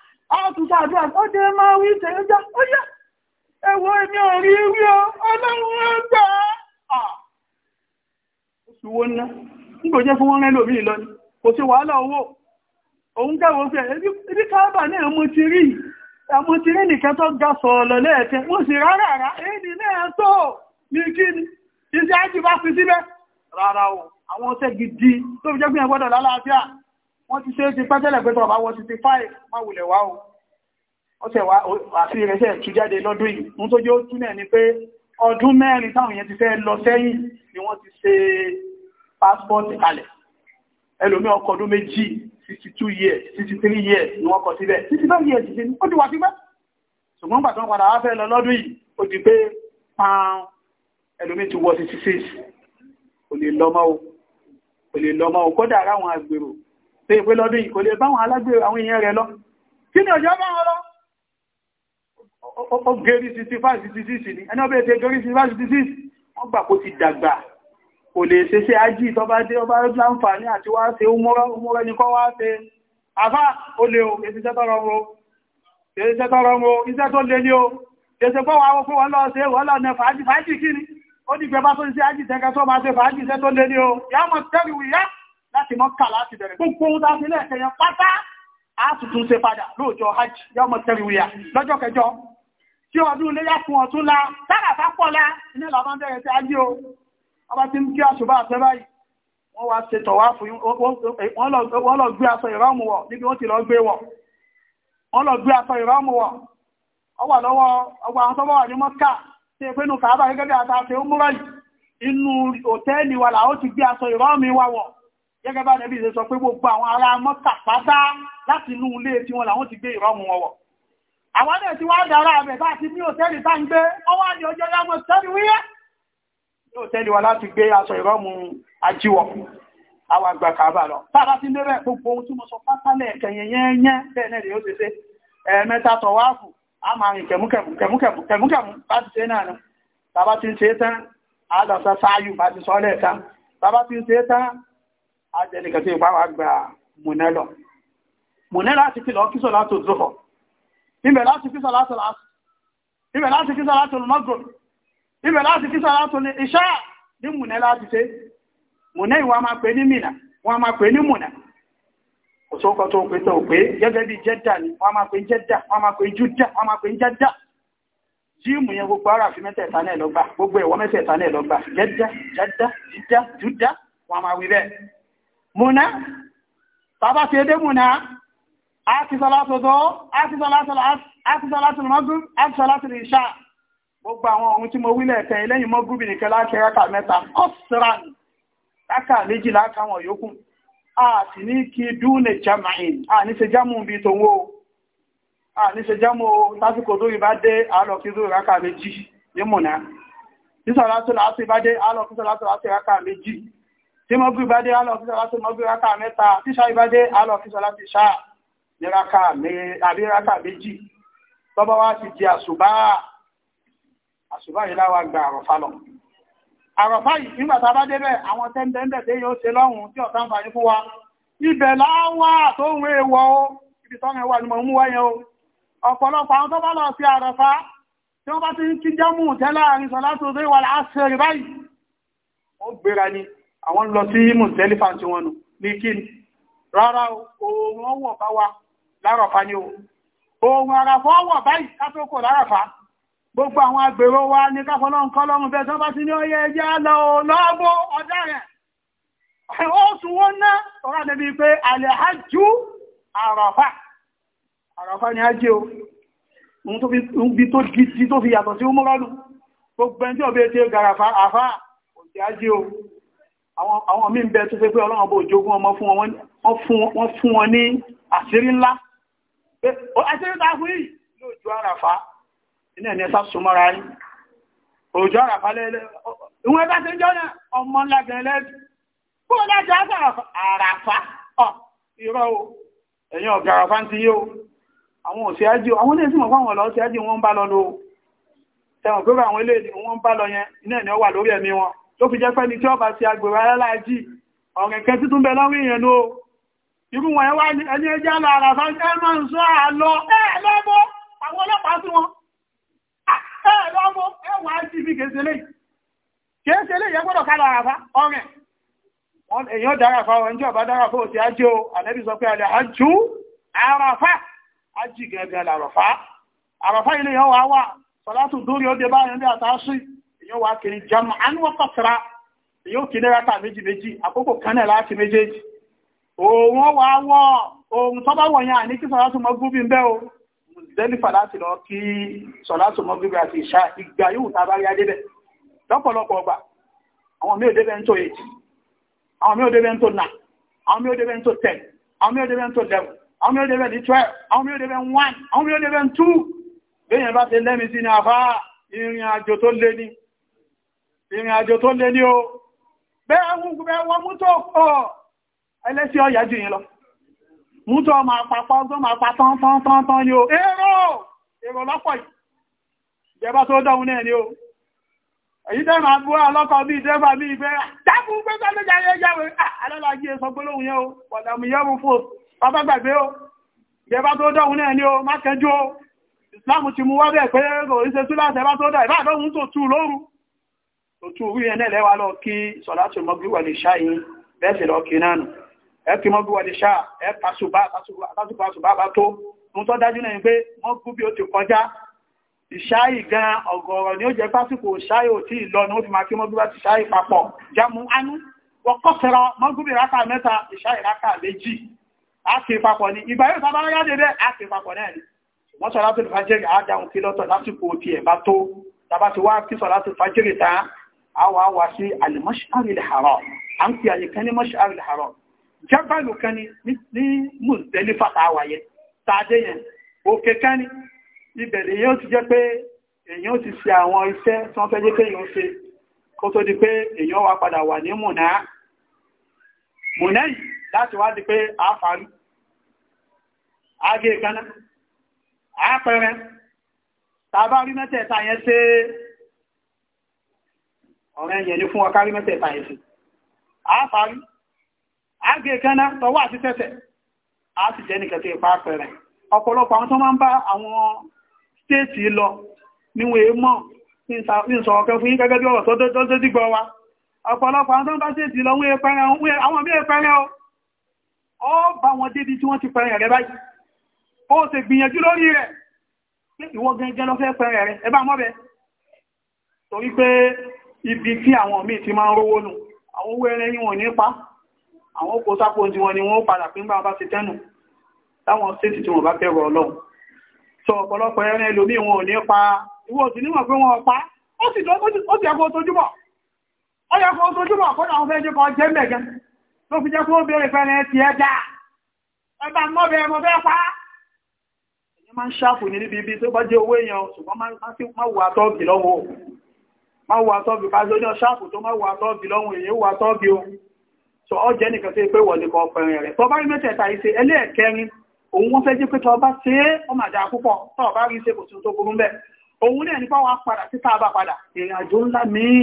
ọ̀túnṣà àti àkọ́jẹ́ máa wí tẹ̀yẹ́já ó yá ẹ̀wọ̀ èmi ò rí ọ ọlọ́run ẹgbẹ́ oṣù wo ná nígbò jẹ́ fún wọn rẹ́ lómi lọ ni kò sí wàhálà owó òun kẹwọ́ fẹ́ ẹbí káàbà náà mo ti rí àmọ́ ti rí nìkan tó ga sọ̀ọ̀lọ̀ lẹ́ẹ̀kẹ́ mo sì rárá rá èdè náà tó ní kí ni iṣẹ́ ájì bá fi síbẹ̀ rárá o àwọn ọ̀sẹ̀ gidi tó fi jẹ́ gbìyànjú gbọ́dọ̀ lálàáfíà wọ́n ti ṣe é ti pẹ́tẹ́lẹ̀ pé tọ́ọ̀bá wọ 65 má wulẹ̀ wá o ọ̀sẹ̀ wá àti ìrẹsẹ̀ tú jáde lọ́dún yìí mú tó jẹ́ ó túnẹ̀ ni pé ọdún mẹ́rin táwọn èèyàn ti fẹ́ lọ sẹ́yìn ni wọ́n ti ṣe pásítọ̀tì kalẹ̀ ẹlòmí ọkọ ọdún méjì 62 years 63 years ni wọ́n kọ síbẹ̀ 65 years ti ó ti wà síbẹ̀ ṣùgbọ́n gbà tó ń padà wá fẹ́ lọ lọ́dún yìí ó ti pé pan ẹlòmí ti wọ 66 kò lè lọ́mọ́ o kò lè lọ́mọ́ o kódà ara àwọn agbèrò ṣe ìpé lọ́dún yìí kò lè báwọn alágbé àwọn èèyàn rẹ̀ lọ kí ni ọjọ́ bá wọn lọ ó gẹ́rí 65-66 ni ẹni ọbẹ̀ ètè gẹ́rí 65-66 wọ́n gbà kó ti dàgbà kò lè ṣe ṣe ají tọba dé ọba láǹfààní àti wá ṣe umọ́rẹ́ ní kọ́ wá ṣe àfá ó lè o èsì sẹ́tọ́rọ̀ o èsì sẹ́tọ́rọ̀ o iṣẹ́ tó lè ní o èsì pọ́ wà wọ́n fún wọn lọ ṣe wọ́n lọ nẹ fàájì fàájì kí ni ó dìgbẹ́ bá tó ṣe ají tẹ́ka tó máa ṣe fàájì iṣẹ́ tó lè ní o yá mọ̀ tẹ́rì wù yá láti mọ́kà láti bẹ̀rẹ̀ gbogbo ohun tàbí lẹ́ẹ̀kẹ́ yẹn pátá á tuntun ṣe padà lóòjọ́ hajj yọmọ tẹ̀wìyà lọ́jọ́ kẹjọ tí ọdún ilé yá fún ọ̀tún la táràfà pọ̀lá iná làbá bẹ̀rẹ̀ sí ayé o ọba tí ń kí àṣùbà àṣẹ báyìí wọ́n wá ṣe tọ̀wá fún wọ́n lọ gbé aṣọ ìrọ́mù wọ̀ níbi wọ́n ti lọ gbé wọ̀ wọ́n lọ gbé aṣọ ìrọ́mù wọ̀ ọwà lọ́wọ́ ọgbà àwọn tọ́wọ́ wà ní mọ́kà tí è pínu kàábà gẹ́gẹ́ bí àtàṣe ó múrọ̀ yìí inú òtẹ́ẹ̀lì wa làwọn ti gbé aṣọ ìrọ́mù wa wọ̀ gẹ́gẹ́ bá nẹ́bí ṣe sọ pé gbogbo àwọn ará mọ́ta pátá láti inú ilé tí wọn làwọn ti gbé ìrọ́mù wọn àwọn náà ti wá dára àbẹ̀ bá ti ní òtẹ́lì tá ń gbé ọwọ́ àdì ọjọ́ lámọ̀ sẹ́ni wíyẹ́ ní òtẹ́lì wa láti gbé aṣọ ìrọ́mù ajíwọ̀ àwọn àgbà kàbà lọ bàbá ti lé gbogbo ohun tí mo sọ pátálẹ̀ kẹ̀yẹ̀yẹ́yẹ́ bẹ́ẹ̀ ajẹ́nìkan tí ìpá wa gba mùnẹ́lọ̀ mùnẹ́ láti kìlọ̀ kí sọ̀lá tó zọ́fọ̀ ibẹ̀ láti kí sọ̀lá tó lásù ibẹ̀ láti kí sọ̀lá tó lọ́gọ̀ ibẹ̀ láti kí sọ̀lá tó ní iṣẹ́ ní mùnẹ́ láti ṣe mùnẹ́ ìwà máa pè ní mìnà wọ́n máa pè ní mùnà kò tó pé tó pé gẹ́gẹ́ bí jẹ́dà ni wọ́n máa pè jẹ́dà wọ́n máa pè júdà wọ́n máa pè jẹ́dà jíìmù yẹn gbogbo ara fi mẹ́tẹ̀ẹ̀ta náà lọ gbà múná bàbá ti edé múná a ti sọ́látò tó a ti sọ́látò mọ́gúrú a ti sọ́látò ìṣà gbogbo àwọn ohun tí mo wílẹ̀ tẹ̀ lẹ́yìn mọ́gúrú nìkan láti rákà mẹ́ta kọ́sìrán rákà méjì lákàwọn yòókù a sì ní kí dúnlẹ̀ jama'in a ní ṣe jámù bí tòun o a ní ṣe jámù o lásìkò tó ìbá dé àlọ́ kí dúró rákà méjì ní múná ní sọ́látò láti ìbá dé àlọ́ kí sọ́látò láti rákà méjì tí mọ́ bí ìbádé alọ́fíṣọ́ láti mọ́ bí rákà mẹ́ta tíṣà ìbádé alọ́fíṣọ́ láti ṣá ní rákà méjì tọ́bọ́ wá ti di àṣùbá àṣùbá yìí láwà gba àrọ̀fá lọ àrọ̀fá yìí nígbà tá bá débẹ̀ àwọn tẹ́ńtẹ́ńtẹ́ tí yóò ṣe lọ́hùn tí ọ̀tá ń fà ní fún wa ibẹ̀ láwà tó ń wé wọ ó ibi tọ́ mẹ́wàá ni mo mú wáyé o ọ̀pọ̀lọpọ̀ àwọn tó bá lọ sí àrọ̀fá tí wọ́n bá ti ń kí jámù tẹ́lá àrísọ̀ láti òde wà láàṣẹ rí báyìí ó gbéra ni àwọn lọ sí Muzdalifa tí wọn nù ní kí ni rárá oòrùn ọwọ̀ bá wa lárọ̀fà ni o oòrùn àràfà ọwọ̀ báyìí kátókò lárọ̀fà gbogbo àwọn agbèrò wa ní káfọ́lọ́nkọ́lọ́run bẹ́ẹ̀ tán sí ní ọyẹ ẹjẹ́ lọ ọjọ́ rẹ̀ àwọn míì bẹ tó ṣe pé ọlọ́run bó jogún ọmọ fún wọn wọ́n fún wọn ní àṣírí ńlá àṣírí ta fún yìí lóòjò àràfá iná ẹni ẹsà súnmọ́ra yìí òjò àràfá lẹ́lẹ́ ìwọ̀n ẹgbẹ́ ṣe jọ́nà ọmọ ńlá gẹ̀ẹ́lẹ́ kó láti àràfá ọ̀ irọ́ o ẹ̀yìn ọ̀gá àràfá ti yí o àwọn òṣèájú àwọn ilé ìsìnkú àwọn ọ̀lọ́ òṣèájú wọn ń bá lọ lọ tẹ̀wọ̀n pé àwọn ilé ìwọ̀n ń bá lọ yẹn iná ẹni ó wà lórí ẹ̀mí wọn tó fi jẹ́ pé ní tí ọba ti ọrịa aláàjì ọ̀rẹ̀kẹ́ títún bẹ lọ́wọ́ èèyàn ló irú wọn ẹwà ẹni ẹjá lára fáńtẹ́ máa ń sọ àlọ́ ẹ̀ẹ́lọ́mọ́ àwọn ọlọ́pàá sí wọn ẹ̀ẹ́lọ́mọ́ ẹwà ti fi kèsèlé kèsèlé yẹ gbọ́dọ̀ ká lára fá ọ̀rẹ̀ èèyàn dára fá ọ̀rẹ́ tí ọba dára fóò o ànẹ́bí sọ pé alẹ́ àjú àràfá ájì gẹ́gẹ́ làràfá àràfá ilé yẹn wà wà dé èyàn wá kiri jamu anúwọ́ kọ̀sára èyàn kì náírà ta méjì méjì àkókò kan náà láti méjèèjì òun wà wọ́ ohun tó bá wọ̀nyàn àní kí sọ̀rọ̀ sọmọ gúbí ń bẹ́ o mùsùlùmí láti lọ kí sọ̀rọ̀ sọmọ gúbí àti ìṣá ìgbà yóò ta bá rí adébẹ̀ lọ́pọ̀lọpọ̀ ọgbà àwọn mí ò débẹ̀ ń tó èjì àwọn mí ò débẹ̀ ń tó nà àwọn mí ò débẹ̀ ń tó tẹ̀ àwọn mí ò débẹ̀ ń tó dẹ̀wù àwọn mí ò débẹ̀ ní twelve àwọn mí ò débẹ̀ one àwọn mí ò débẹ̀ two bẹ́ẹ̀ yẹn bá ti lẹ́mi sí ní afá ìrìn àjò tó lé ní ìrìn àjò tó lé ní o bẹ́ẹ̀wọ́n mú tó pọ̀ ẹlẹ́sí ọ̀yà jù yín lọ mú tó ọmọ àpapọ̀ ọgbọ́n ma pa tán tán tán tán ni o èrò èrò lọ́pọ̀ yìí ìjẹba tó dọ̀hun náà ni o èyí tẹ́ máa bú ọlọ́kọ̀ bí ìjẹba bí ìfẹ́ dákun pé sọ́lẹ́jà yẹ jáwé alọ́lájí sọ gbólóhùn yẹn o pọ̀dàmù yẹ́ mú fò bàbá gbàgbé o ìjẹba tó dọ̀hun náà ni o má kẹjú o ìsìláàmù ti mú wá bẹ́ẹ̀ pé kò ń ṣe túláṣẹ bá tó dọ̀ ìbá àdọ́hun òtún orí ẹ̀ náà lẹ́wà lọ kí sọ̀látù mọ́gbíwà lè ṣá yìí bẹ́ẹ̀sì lọ kí náà nù ẹ kí mọ́gbíwà lè ṣá ẹ pàṣùbà bá tó mú tọ́ dájú náà pé gan ọ̀gọ̀ọ̀rọ̀ ni ó jẹ́ pásìkò ṣáyì ò tí ìlọ ni ó fi máa kí mọ́gbíwà ti ṣáyì papọ̀ jámú ánú wọ́n kọ́sẹ̀rọ mọ́gbúbì rákà mẹ́ta ìṣáyì rákà méjì á kì í papọ̀ ni ìgbà yóò sábà ráyá dédé á kì í papọ̀ náà ni wọ́n sọ láti fàjẹ́rì á dáhùn kí lọ́tọ̀ àwa wá sí al-mash'aril haram à ń pè àyè kan ní mash'aril haram jábàlù kan ní ní Muzdalifa táwa yẹ tàdé yẹn òkè kan ní ibẹ̀ lèyàn ti jẹ́ pé èyàn ti ṣe àwọn iṣẹ́ tí wọ́n fẹ́ jẹ́ kéèyàn ṣe kó tó di pé èyàn wá padà wà ní mùnà mùnà yìí láti wá di pé a farí agé kaná tàbá rí mẹ́tẹ̀ẹ̀ta yẹn ṣe ọ̀rẹ́ ẹ̀yẹ̀ ní fún ọkárí mẹ́tẹ̀ẹ̀ta ẹ̀sìn a parí a gé kẹ́ná tọwọ́ àti tẹ́tẹ̀ a sì jẹ́ nìkẹ́ tó ipa pẹ̀rẹ̀ ọ̀pọ̀lọpọ̀ àwọn tó máa ń bá àwọn stéètì lọ níwọ̀n èémọ̀ ní sọ ọ̀kẹ́ fún yín gẹ́gẹ́ bí ọ̀rọ̀ tó dé dígbọ́ wa ọ̀pọ̀lọpọ̀ àwọn tó ń bá stéètì lọ wọ́n ẹ̀pẹ̀rẹ̀ àwọn bí ẹ̀pẹ̀rẹ̀ o ó bá wọn débi tí wọ́n ti pẹ̀rẹ̀ rẹ̀ báyìí ó sì gbìyànjú lórí rẹ̀ ìwọ gẹ́gẹ́ lọ fẹ́ pẹ̀rẹ̀ rẹ̀ ẹ bá mọ́ bẹ́ẹ̀ torí pé ibi tí àwọn míì ti máa ń rówó nù àwọn owó ẹrẹ yíwọ̀n nípa àwọn oko sápò tí wọn ni wọ́n padà pín bá bá ti tẹ́nu láwọn stéètì tí wọ́n bá bẹ̀rọ ọlọ́run sọ ọ̀pọ̀lọpọ̀ ẹrẹ ẹlòmí wọn ò ní pa ìwọ sí níwọ̀n pé wọn pa ó sì yàgò tójúbọ̀ ó yàgò tójúbọ̀ kọ́nà àwọn fẹ́ẹ́ kan jẹ́ mẹ̀gẹ́ ló fi jẹ́ kó ó béèrè fẹ́rẹ́ ti ẹ dá ẹgbà mọ́bẹ̀ mo fẹ́ pa ẹ̀yẹ máa ń ṣàfù ní níbi ibi tó bá jẹ́ owó èèyàn ṣùgbọ́n máa wà tọ́ọ̀gì lọ́wọ́ má wà tọ́bì káàkiri ọjọ́ ṣáàpù tó má wà tọ́bì lọ́wọ́ èyí wà tọ́bì ohun tó ọ jẹ́ nìkan tó pé wọ̀lẹ̀ kan pẹ̀rẹ̀ rẹ̀ tọba rí mẹ́tẹ̀ẹ̀ta ìṣe ẹlẹ́ẹ̀kẹrin òun wọ́n fẹ́ jẹ́ pé tọba ṣe é ọmọ àdá púpọ̀ tọba rí ṣe kò tún tó burú bẹ́ẹ̀ òun náà nípa wa padà sí tàbá padà ìrìn àjò ńlá míì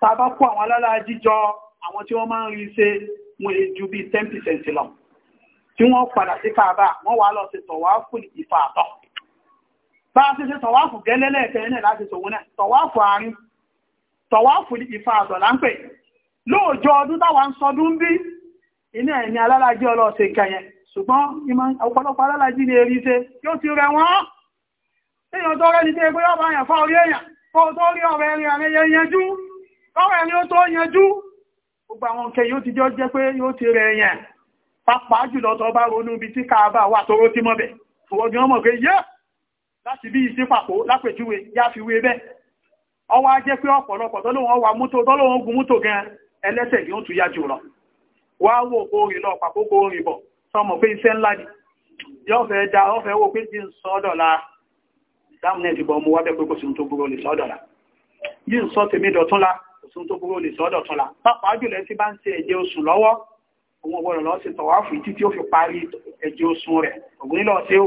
tàbá kó àwọn alálàájí jọ àwọn bá a ti ṣe tọ̀wáfù gẹ́lẹ́lẹ́ẹ̀kẹ́ náà láti tòun náà tọ̀wáfù àárín tọ̀wáfù ìfà àdọ̀lá ń pè lóòjọ́ ọdún táwa ń sọdún bí iná ẹ̀yìn alálàájí ọlọ́ọ̀sẹ̀ kẹyẹn ṣùgbọ́n ọ̀pọ̀lọpọ̀ alálàájí ni èrí ṣe yóò ti rẹ wọ́n èèyàn tó rẹ́ ní tí ẹgbẹ́ ọba yẹn fá orí èèyàn kó tó rí ọ̀rẹ́ ẹ̀rin àrẹ yẹn yanjú ọ̀rẹ́ ẹ̀rin ó tó yanjú gbogbo àwọn kẹ yóò ti jọ jẹ́ pé yóò ti rẹ èèyàn pàápàá jùlọ tó bá ronú ibi tí káàbà wà tó ró tí mọ́bẹ̀ fòwọ́gbọ́n láti bí ìsípàpò lápèjúwe yá fi wé bẹ́ẹ̀ ọwọ́ á jẹ́ pé ọ̀pọ̀lọpọ̀ tọ́lọ́wọ́n wà mútó tọ́lọ́wọ́n gun mútó gan ẹlẹ́sẹ̀ yóò tún yájú lọ wá wò orin lọ pàpó orin bọ̀ sọmọ pé iṣẹ́ ńlá ni yóò fẹ́ da ọ fẹ́ wò pé jí ń sọ́dọ̀la dámúnẹ̀tì bọ̀ mú wábẹ́ pé kò sí tó burú lè sọ́dọ̀la jí ń sọ tèmi dọ̀túnla kò sí tó burú lè sọ́dọ̀túnla pápá jùlọ tí bá ń ṣe ẹ̀jẹ̀ oṣù lọ́wọ́ òun gbọ́dọ̀ lọ sí tọ̀wáfù títí ó fi parí ẹ̀jẹ̀ oṣù rẹ̀ ògùn nílọ̀ sí o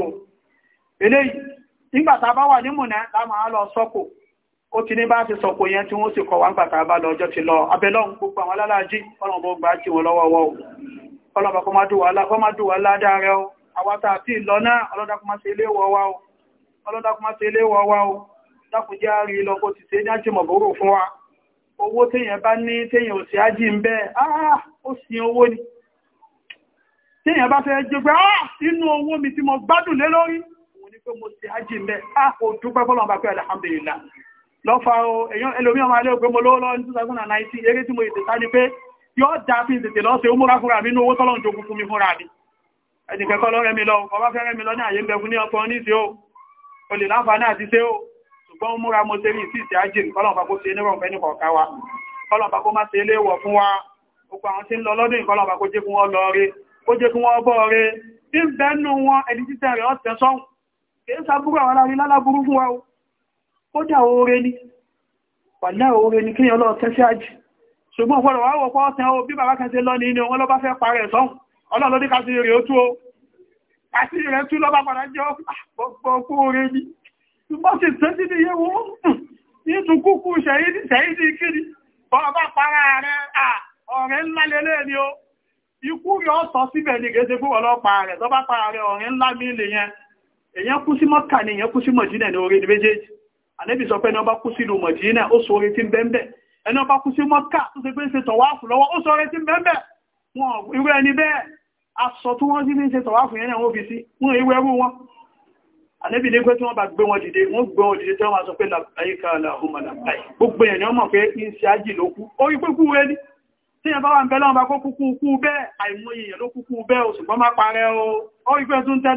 eléyìí nígbàtà bá wà ní múnà láàmà á lọ sọ́kò ó ti ní bá ti sọ̀kò yẹn tí wọ́n sì kọ̀ wá ń gbàtà bá lọ́jọ́ ti lọ abẹ́lọ́run gbogbo àwọn alálàájí ọlọ́run bó gbà jí wọn lọ́wọ́ wọ́ ọlọ́run kó má dùn wá ládàá rẹ o bá ah ó sin owó ni téèyàn bá fẹ́ jẹ́ pé ah inú owó mi tí mo gbádùn lé lórí pé mo ti ájì mẹ́ á o dúpẹ́ fọ́lọ́ bá pé alhamdulillah lọ́fà o èyàn ẹlòmí ọmọ alẹ́ òpé mo lówó lọ́wọ́ ní 2019 eré tí mo ìtẹ̀ sáré pé yóò dá fi ìtẹ̀tẹ̀ lọ́sẹ̀ ó múra fúnra mi ní owó tọ́lọ́ jogun fún mi fúnra mi ẹni kẹ́kọ́ lọ́rẹ́ mi lọ ọba fẹ́rẹ́ mi lọ ní àyè ń bẹ fún ní ọkọ̀ ní ìṣe o o lè láǹfààní àti ṣe o ṣùgbọ́n múra mo ṣe rí ìsìsì ajé kọ́lọ̀ bá kó ṣe ní rọ̀fẹ́ ní kọ̀ọ̀ká wa kọ́lọ̀ bá kó má ṣe ilé wọ̀ fún wa gbogbo àwọn tí ń lọ lọ́dún ìkọlọ̀ bá kó jẹ́ kí wọ́n lọ rí kó jẹ́ kí wọ́n bọ́ rí ń bẹ́nu wọn ẹni títẹ̀ rẹ̀ ọ̀sẹ̀ sọ́hùn kìí sàbúrú àwọn alárí lálábúrú fún wa o ó dà oore ní pàdé oore ní kíyàn lọ tẹ́sí àjì ṣùgbọ́n fọ́nà wà wọ́pọ̀ ọ̀sẹ̀ o bí bàbá kẹsẹ̀ lọ ní inú wọn lọ́bá fẹ́ parẹ̀ sọ́hùn ọlọ́lọ́dí kásí rẹ̀ ó tú o àti rẹ̀ tú lọ́bá padà jẹ́ ọ̀pọ̀ ah, oore ní ṣùgbọ́n sì tẹ́sí ní yẹ́wò ní tukúkú ṣẹ̀yí kiri bọ́ọ̀bá para rẹ̀ ọ̀rẹ́ ńlá lélẹ́ ni o ikú rẹ̀ ọ̀sọ̀ síbẹ̀ ní gẹ́gẹ́ fún ọlọ́pàá rẹ̀ lọ́bá para rẹ̀ ọ̀rẹ́ ńlá mi lè yẹn èyàn kú sí mọ́kà ni èyàn kú sí mọ̀dínà ní orí méjèèjì ànábì sọ pé ẹni ọba kú sínú mọ̀dínà ó sọ orí tí ń bẹ́ẹ̀ ẹni ọba kú sí mọ́kà tó ṣe pé ń ṣe tọ̀wáàfù lọ́wọ́ ó sọ orí tí ń bẹ́ẹ̀ wọn irú ẹni bẹ́ẹ̀ aṣọ tí wọ́n sí ní ṣe tọ̀wáàfù yẹn náà wọ́n fi sí wọn ìwé ẹrú wọn ànábì ní pé tí wọ́n bá gbé wọn dìde wọ́n gbé wọn dìde tí wọ́n máa sọ pé làbáyíká làhùn mọ̀ pé ń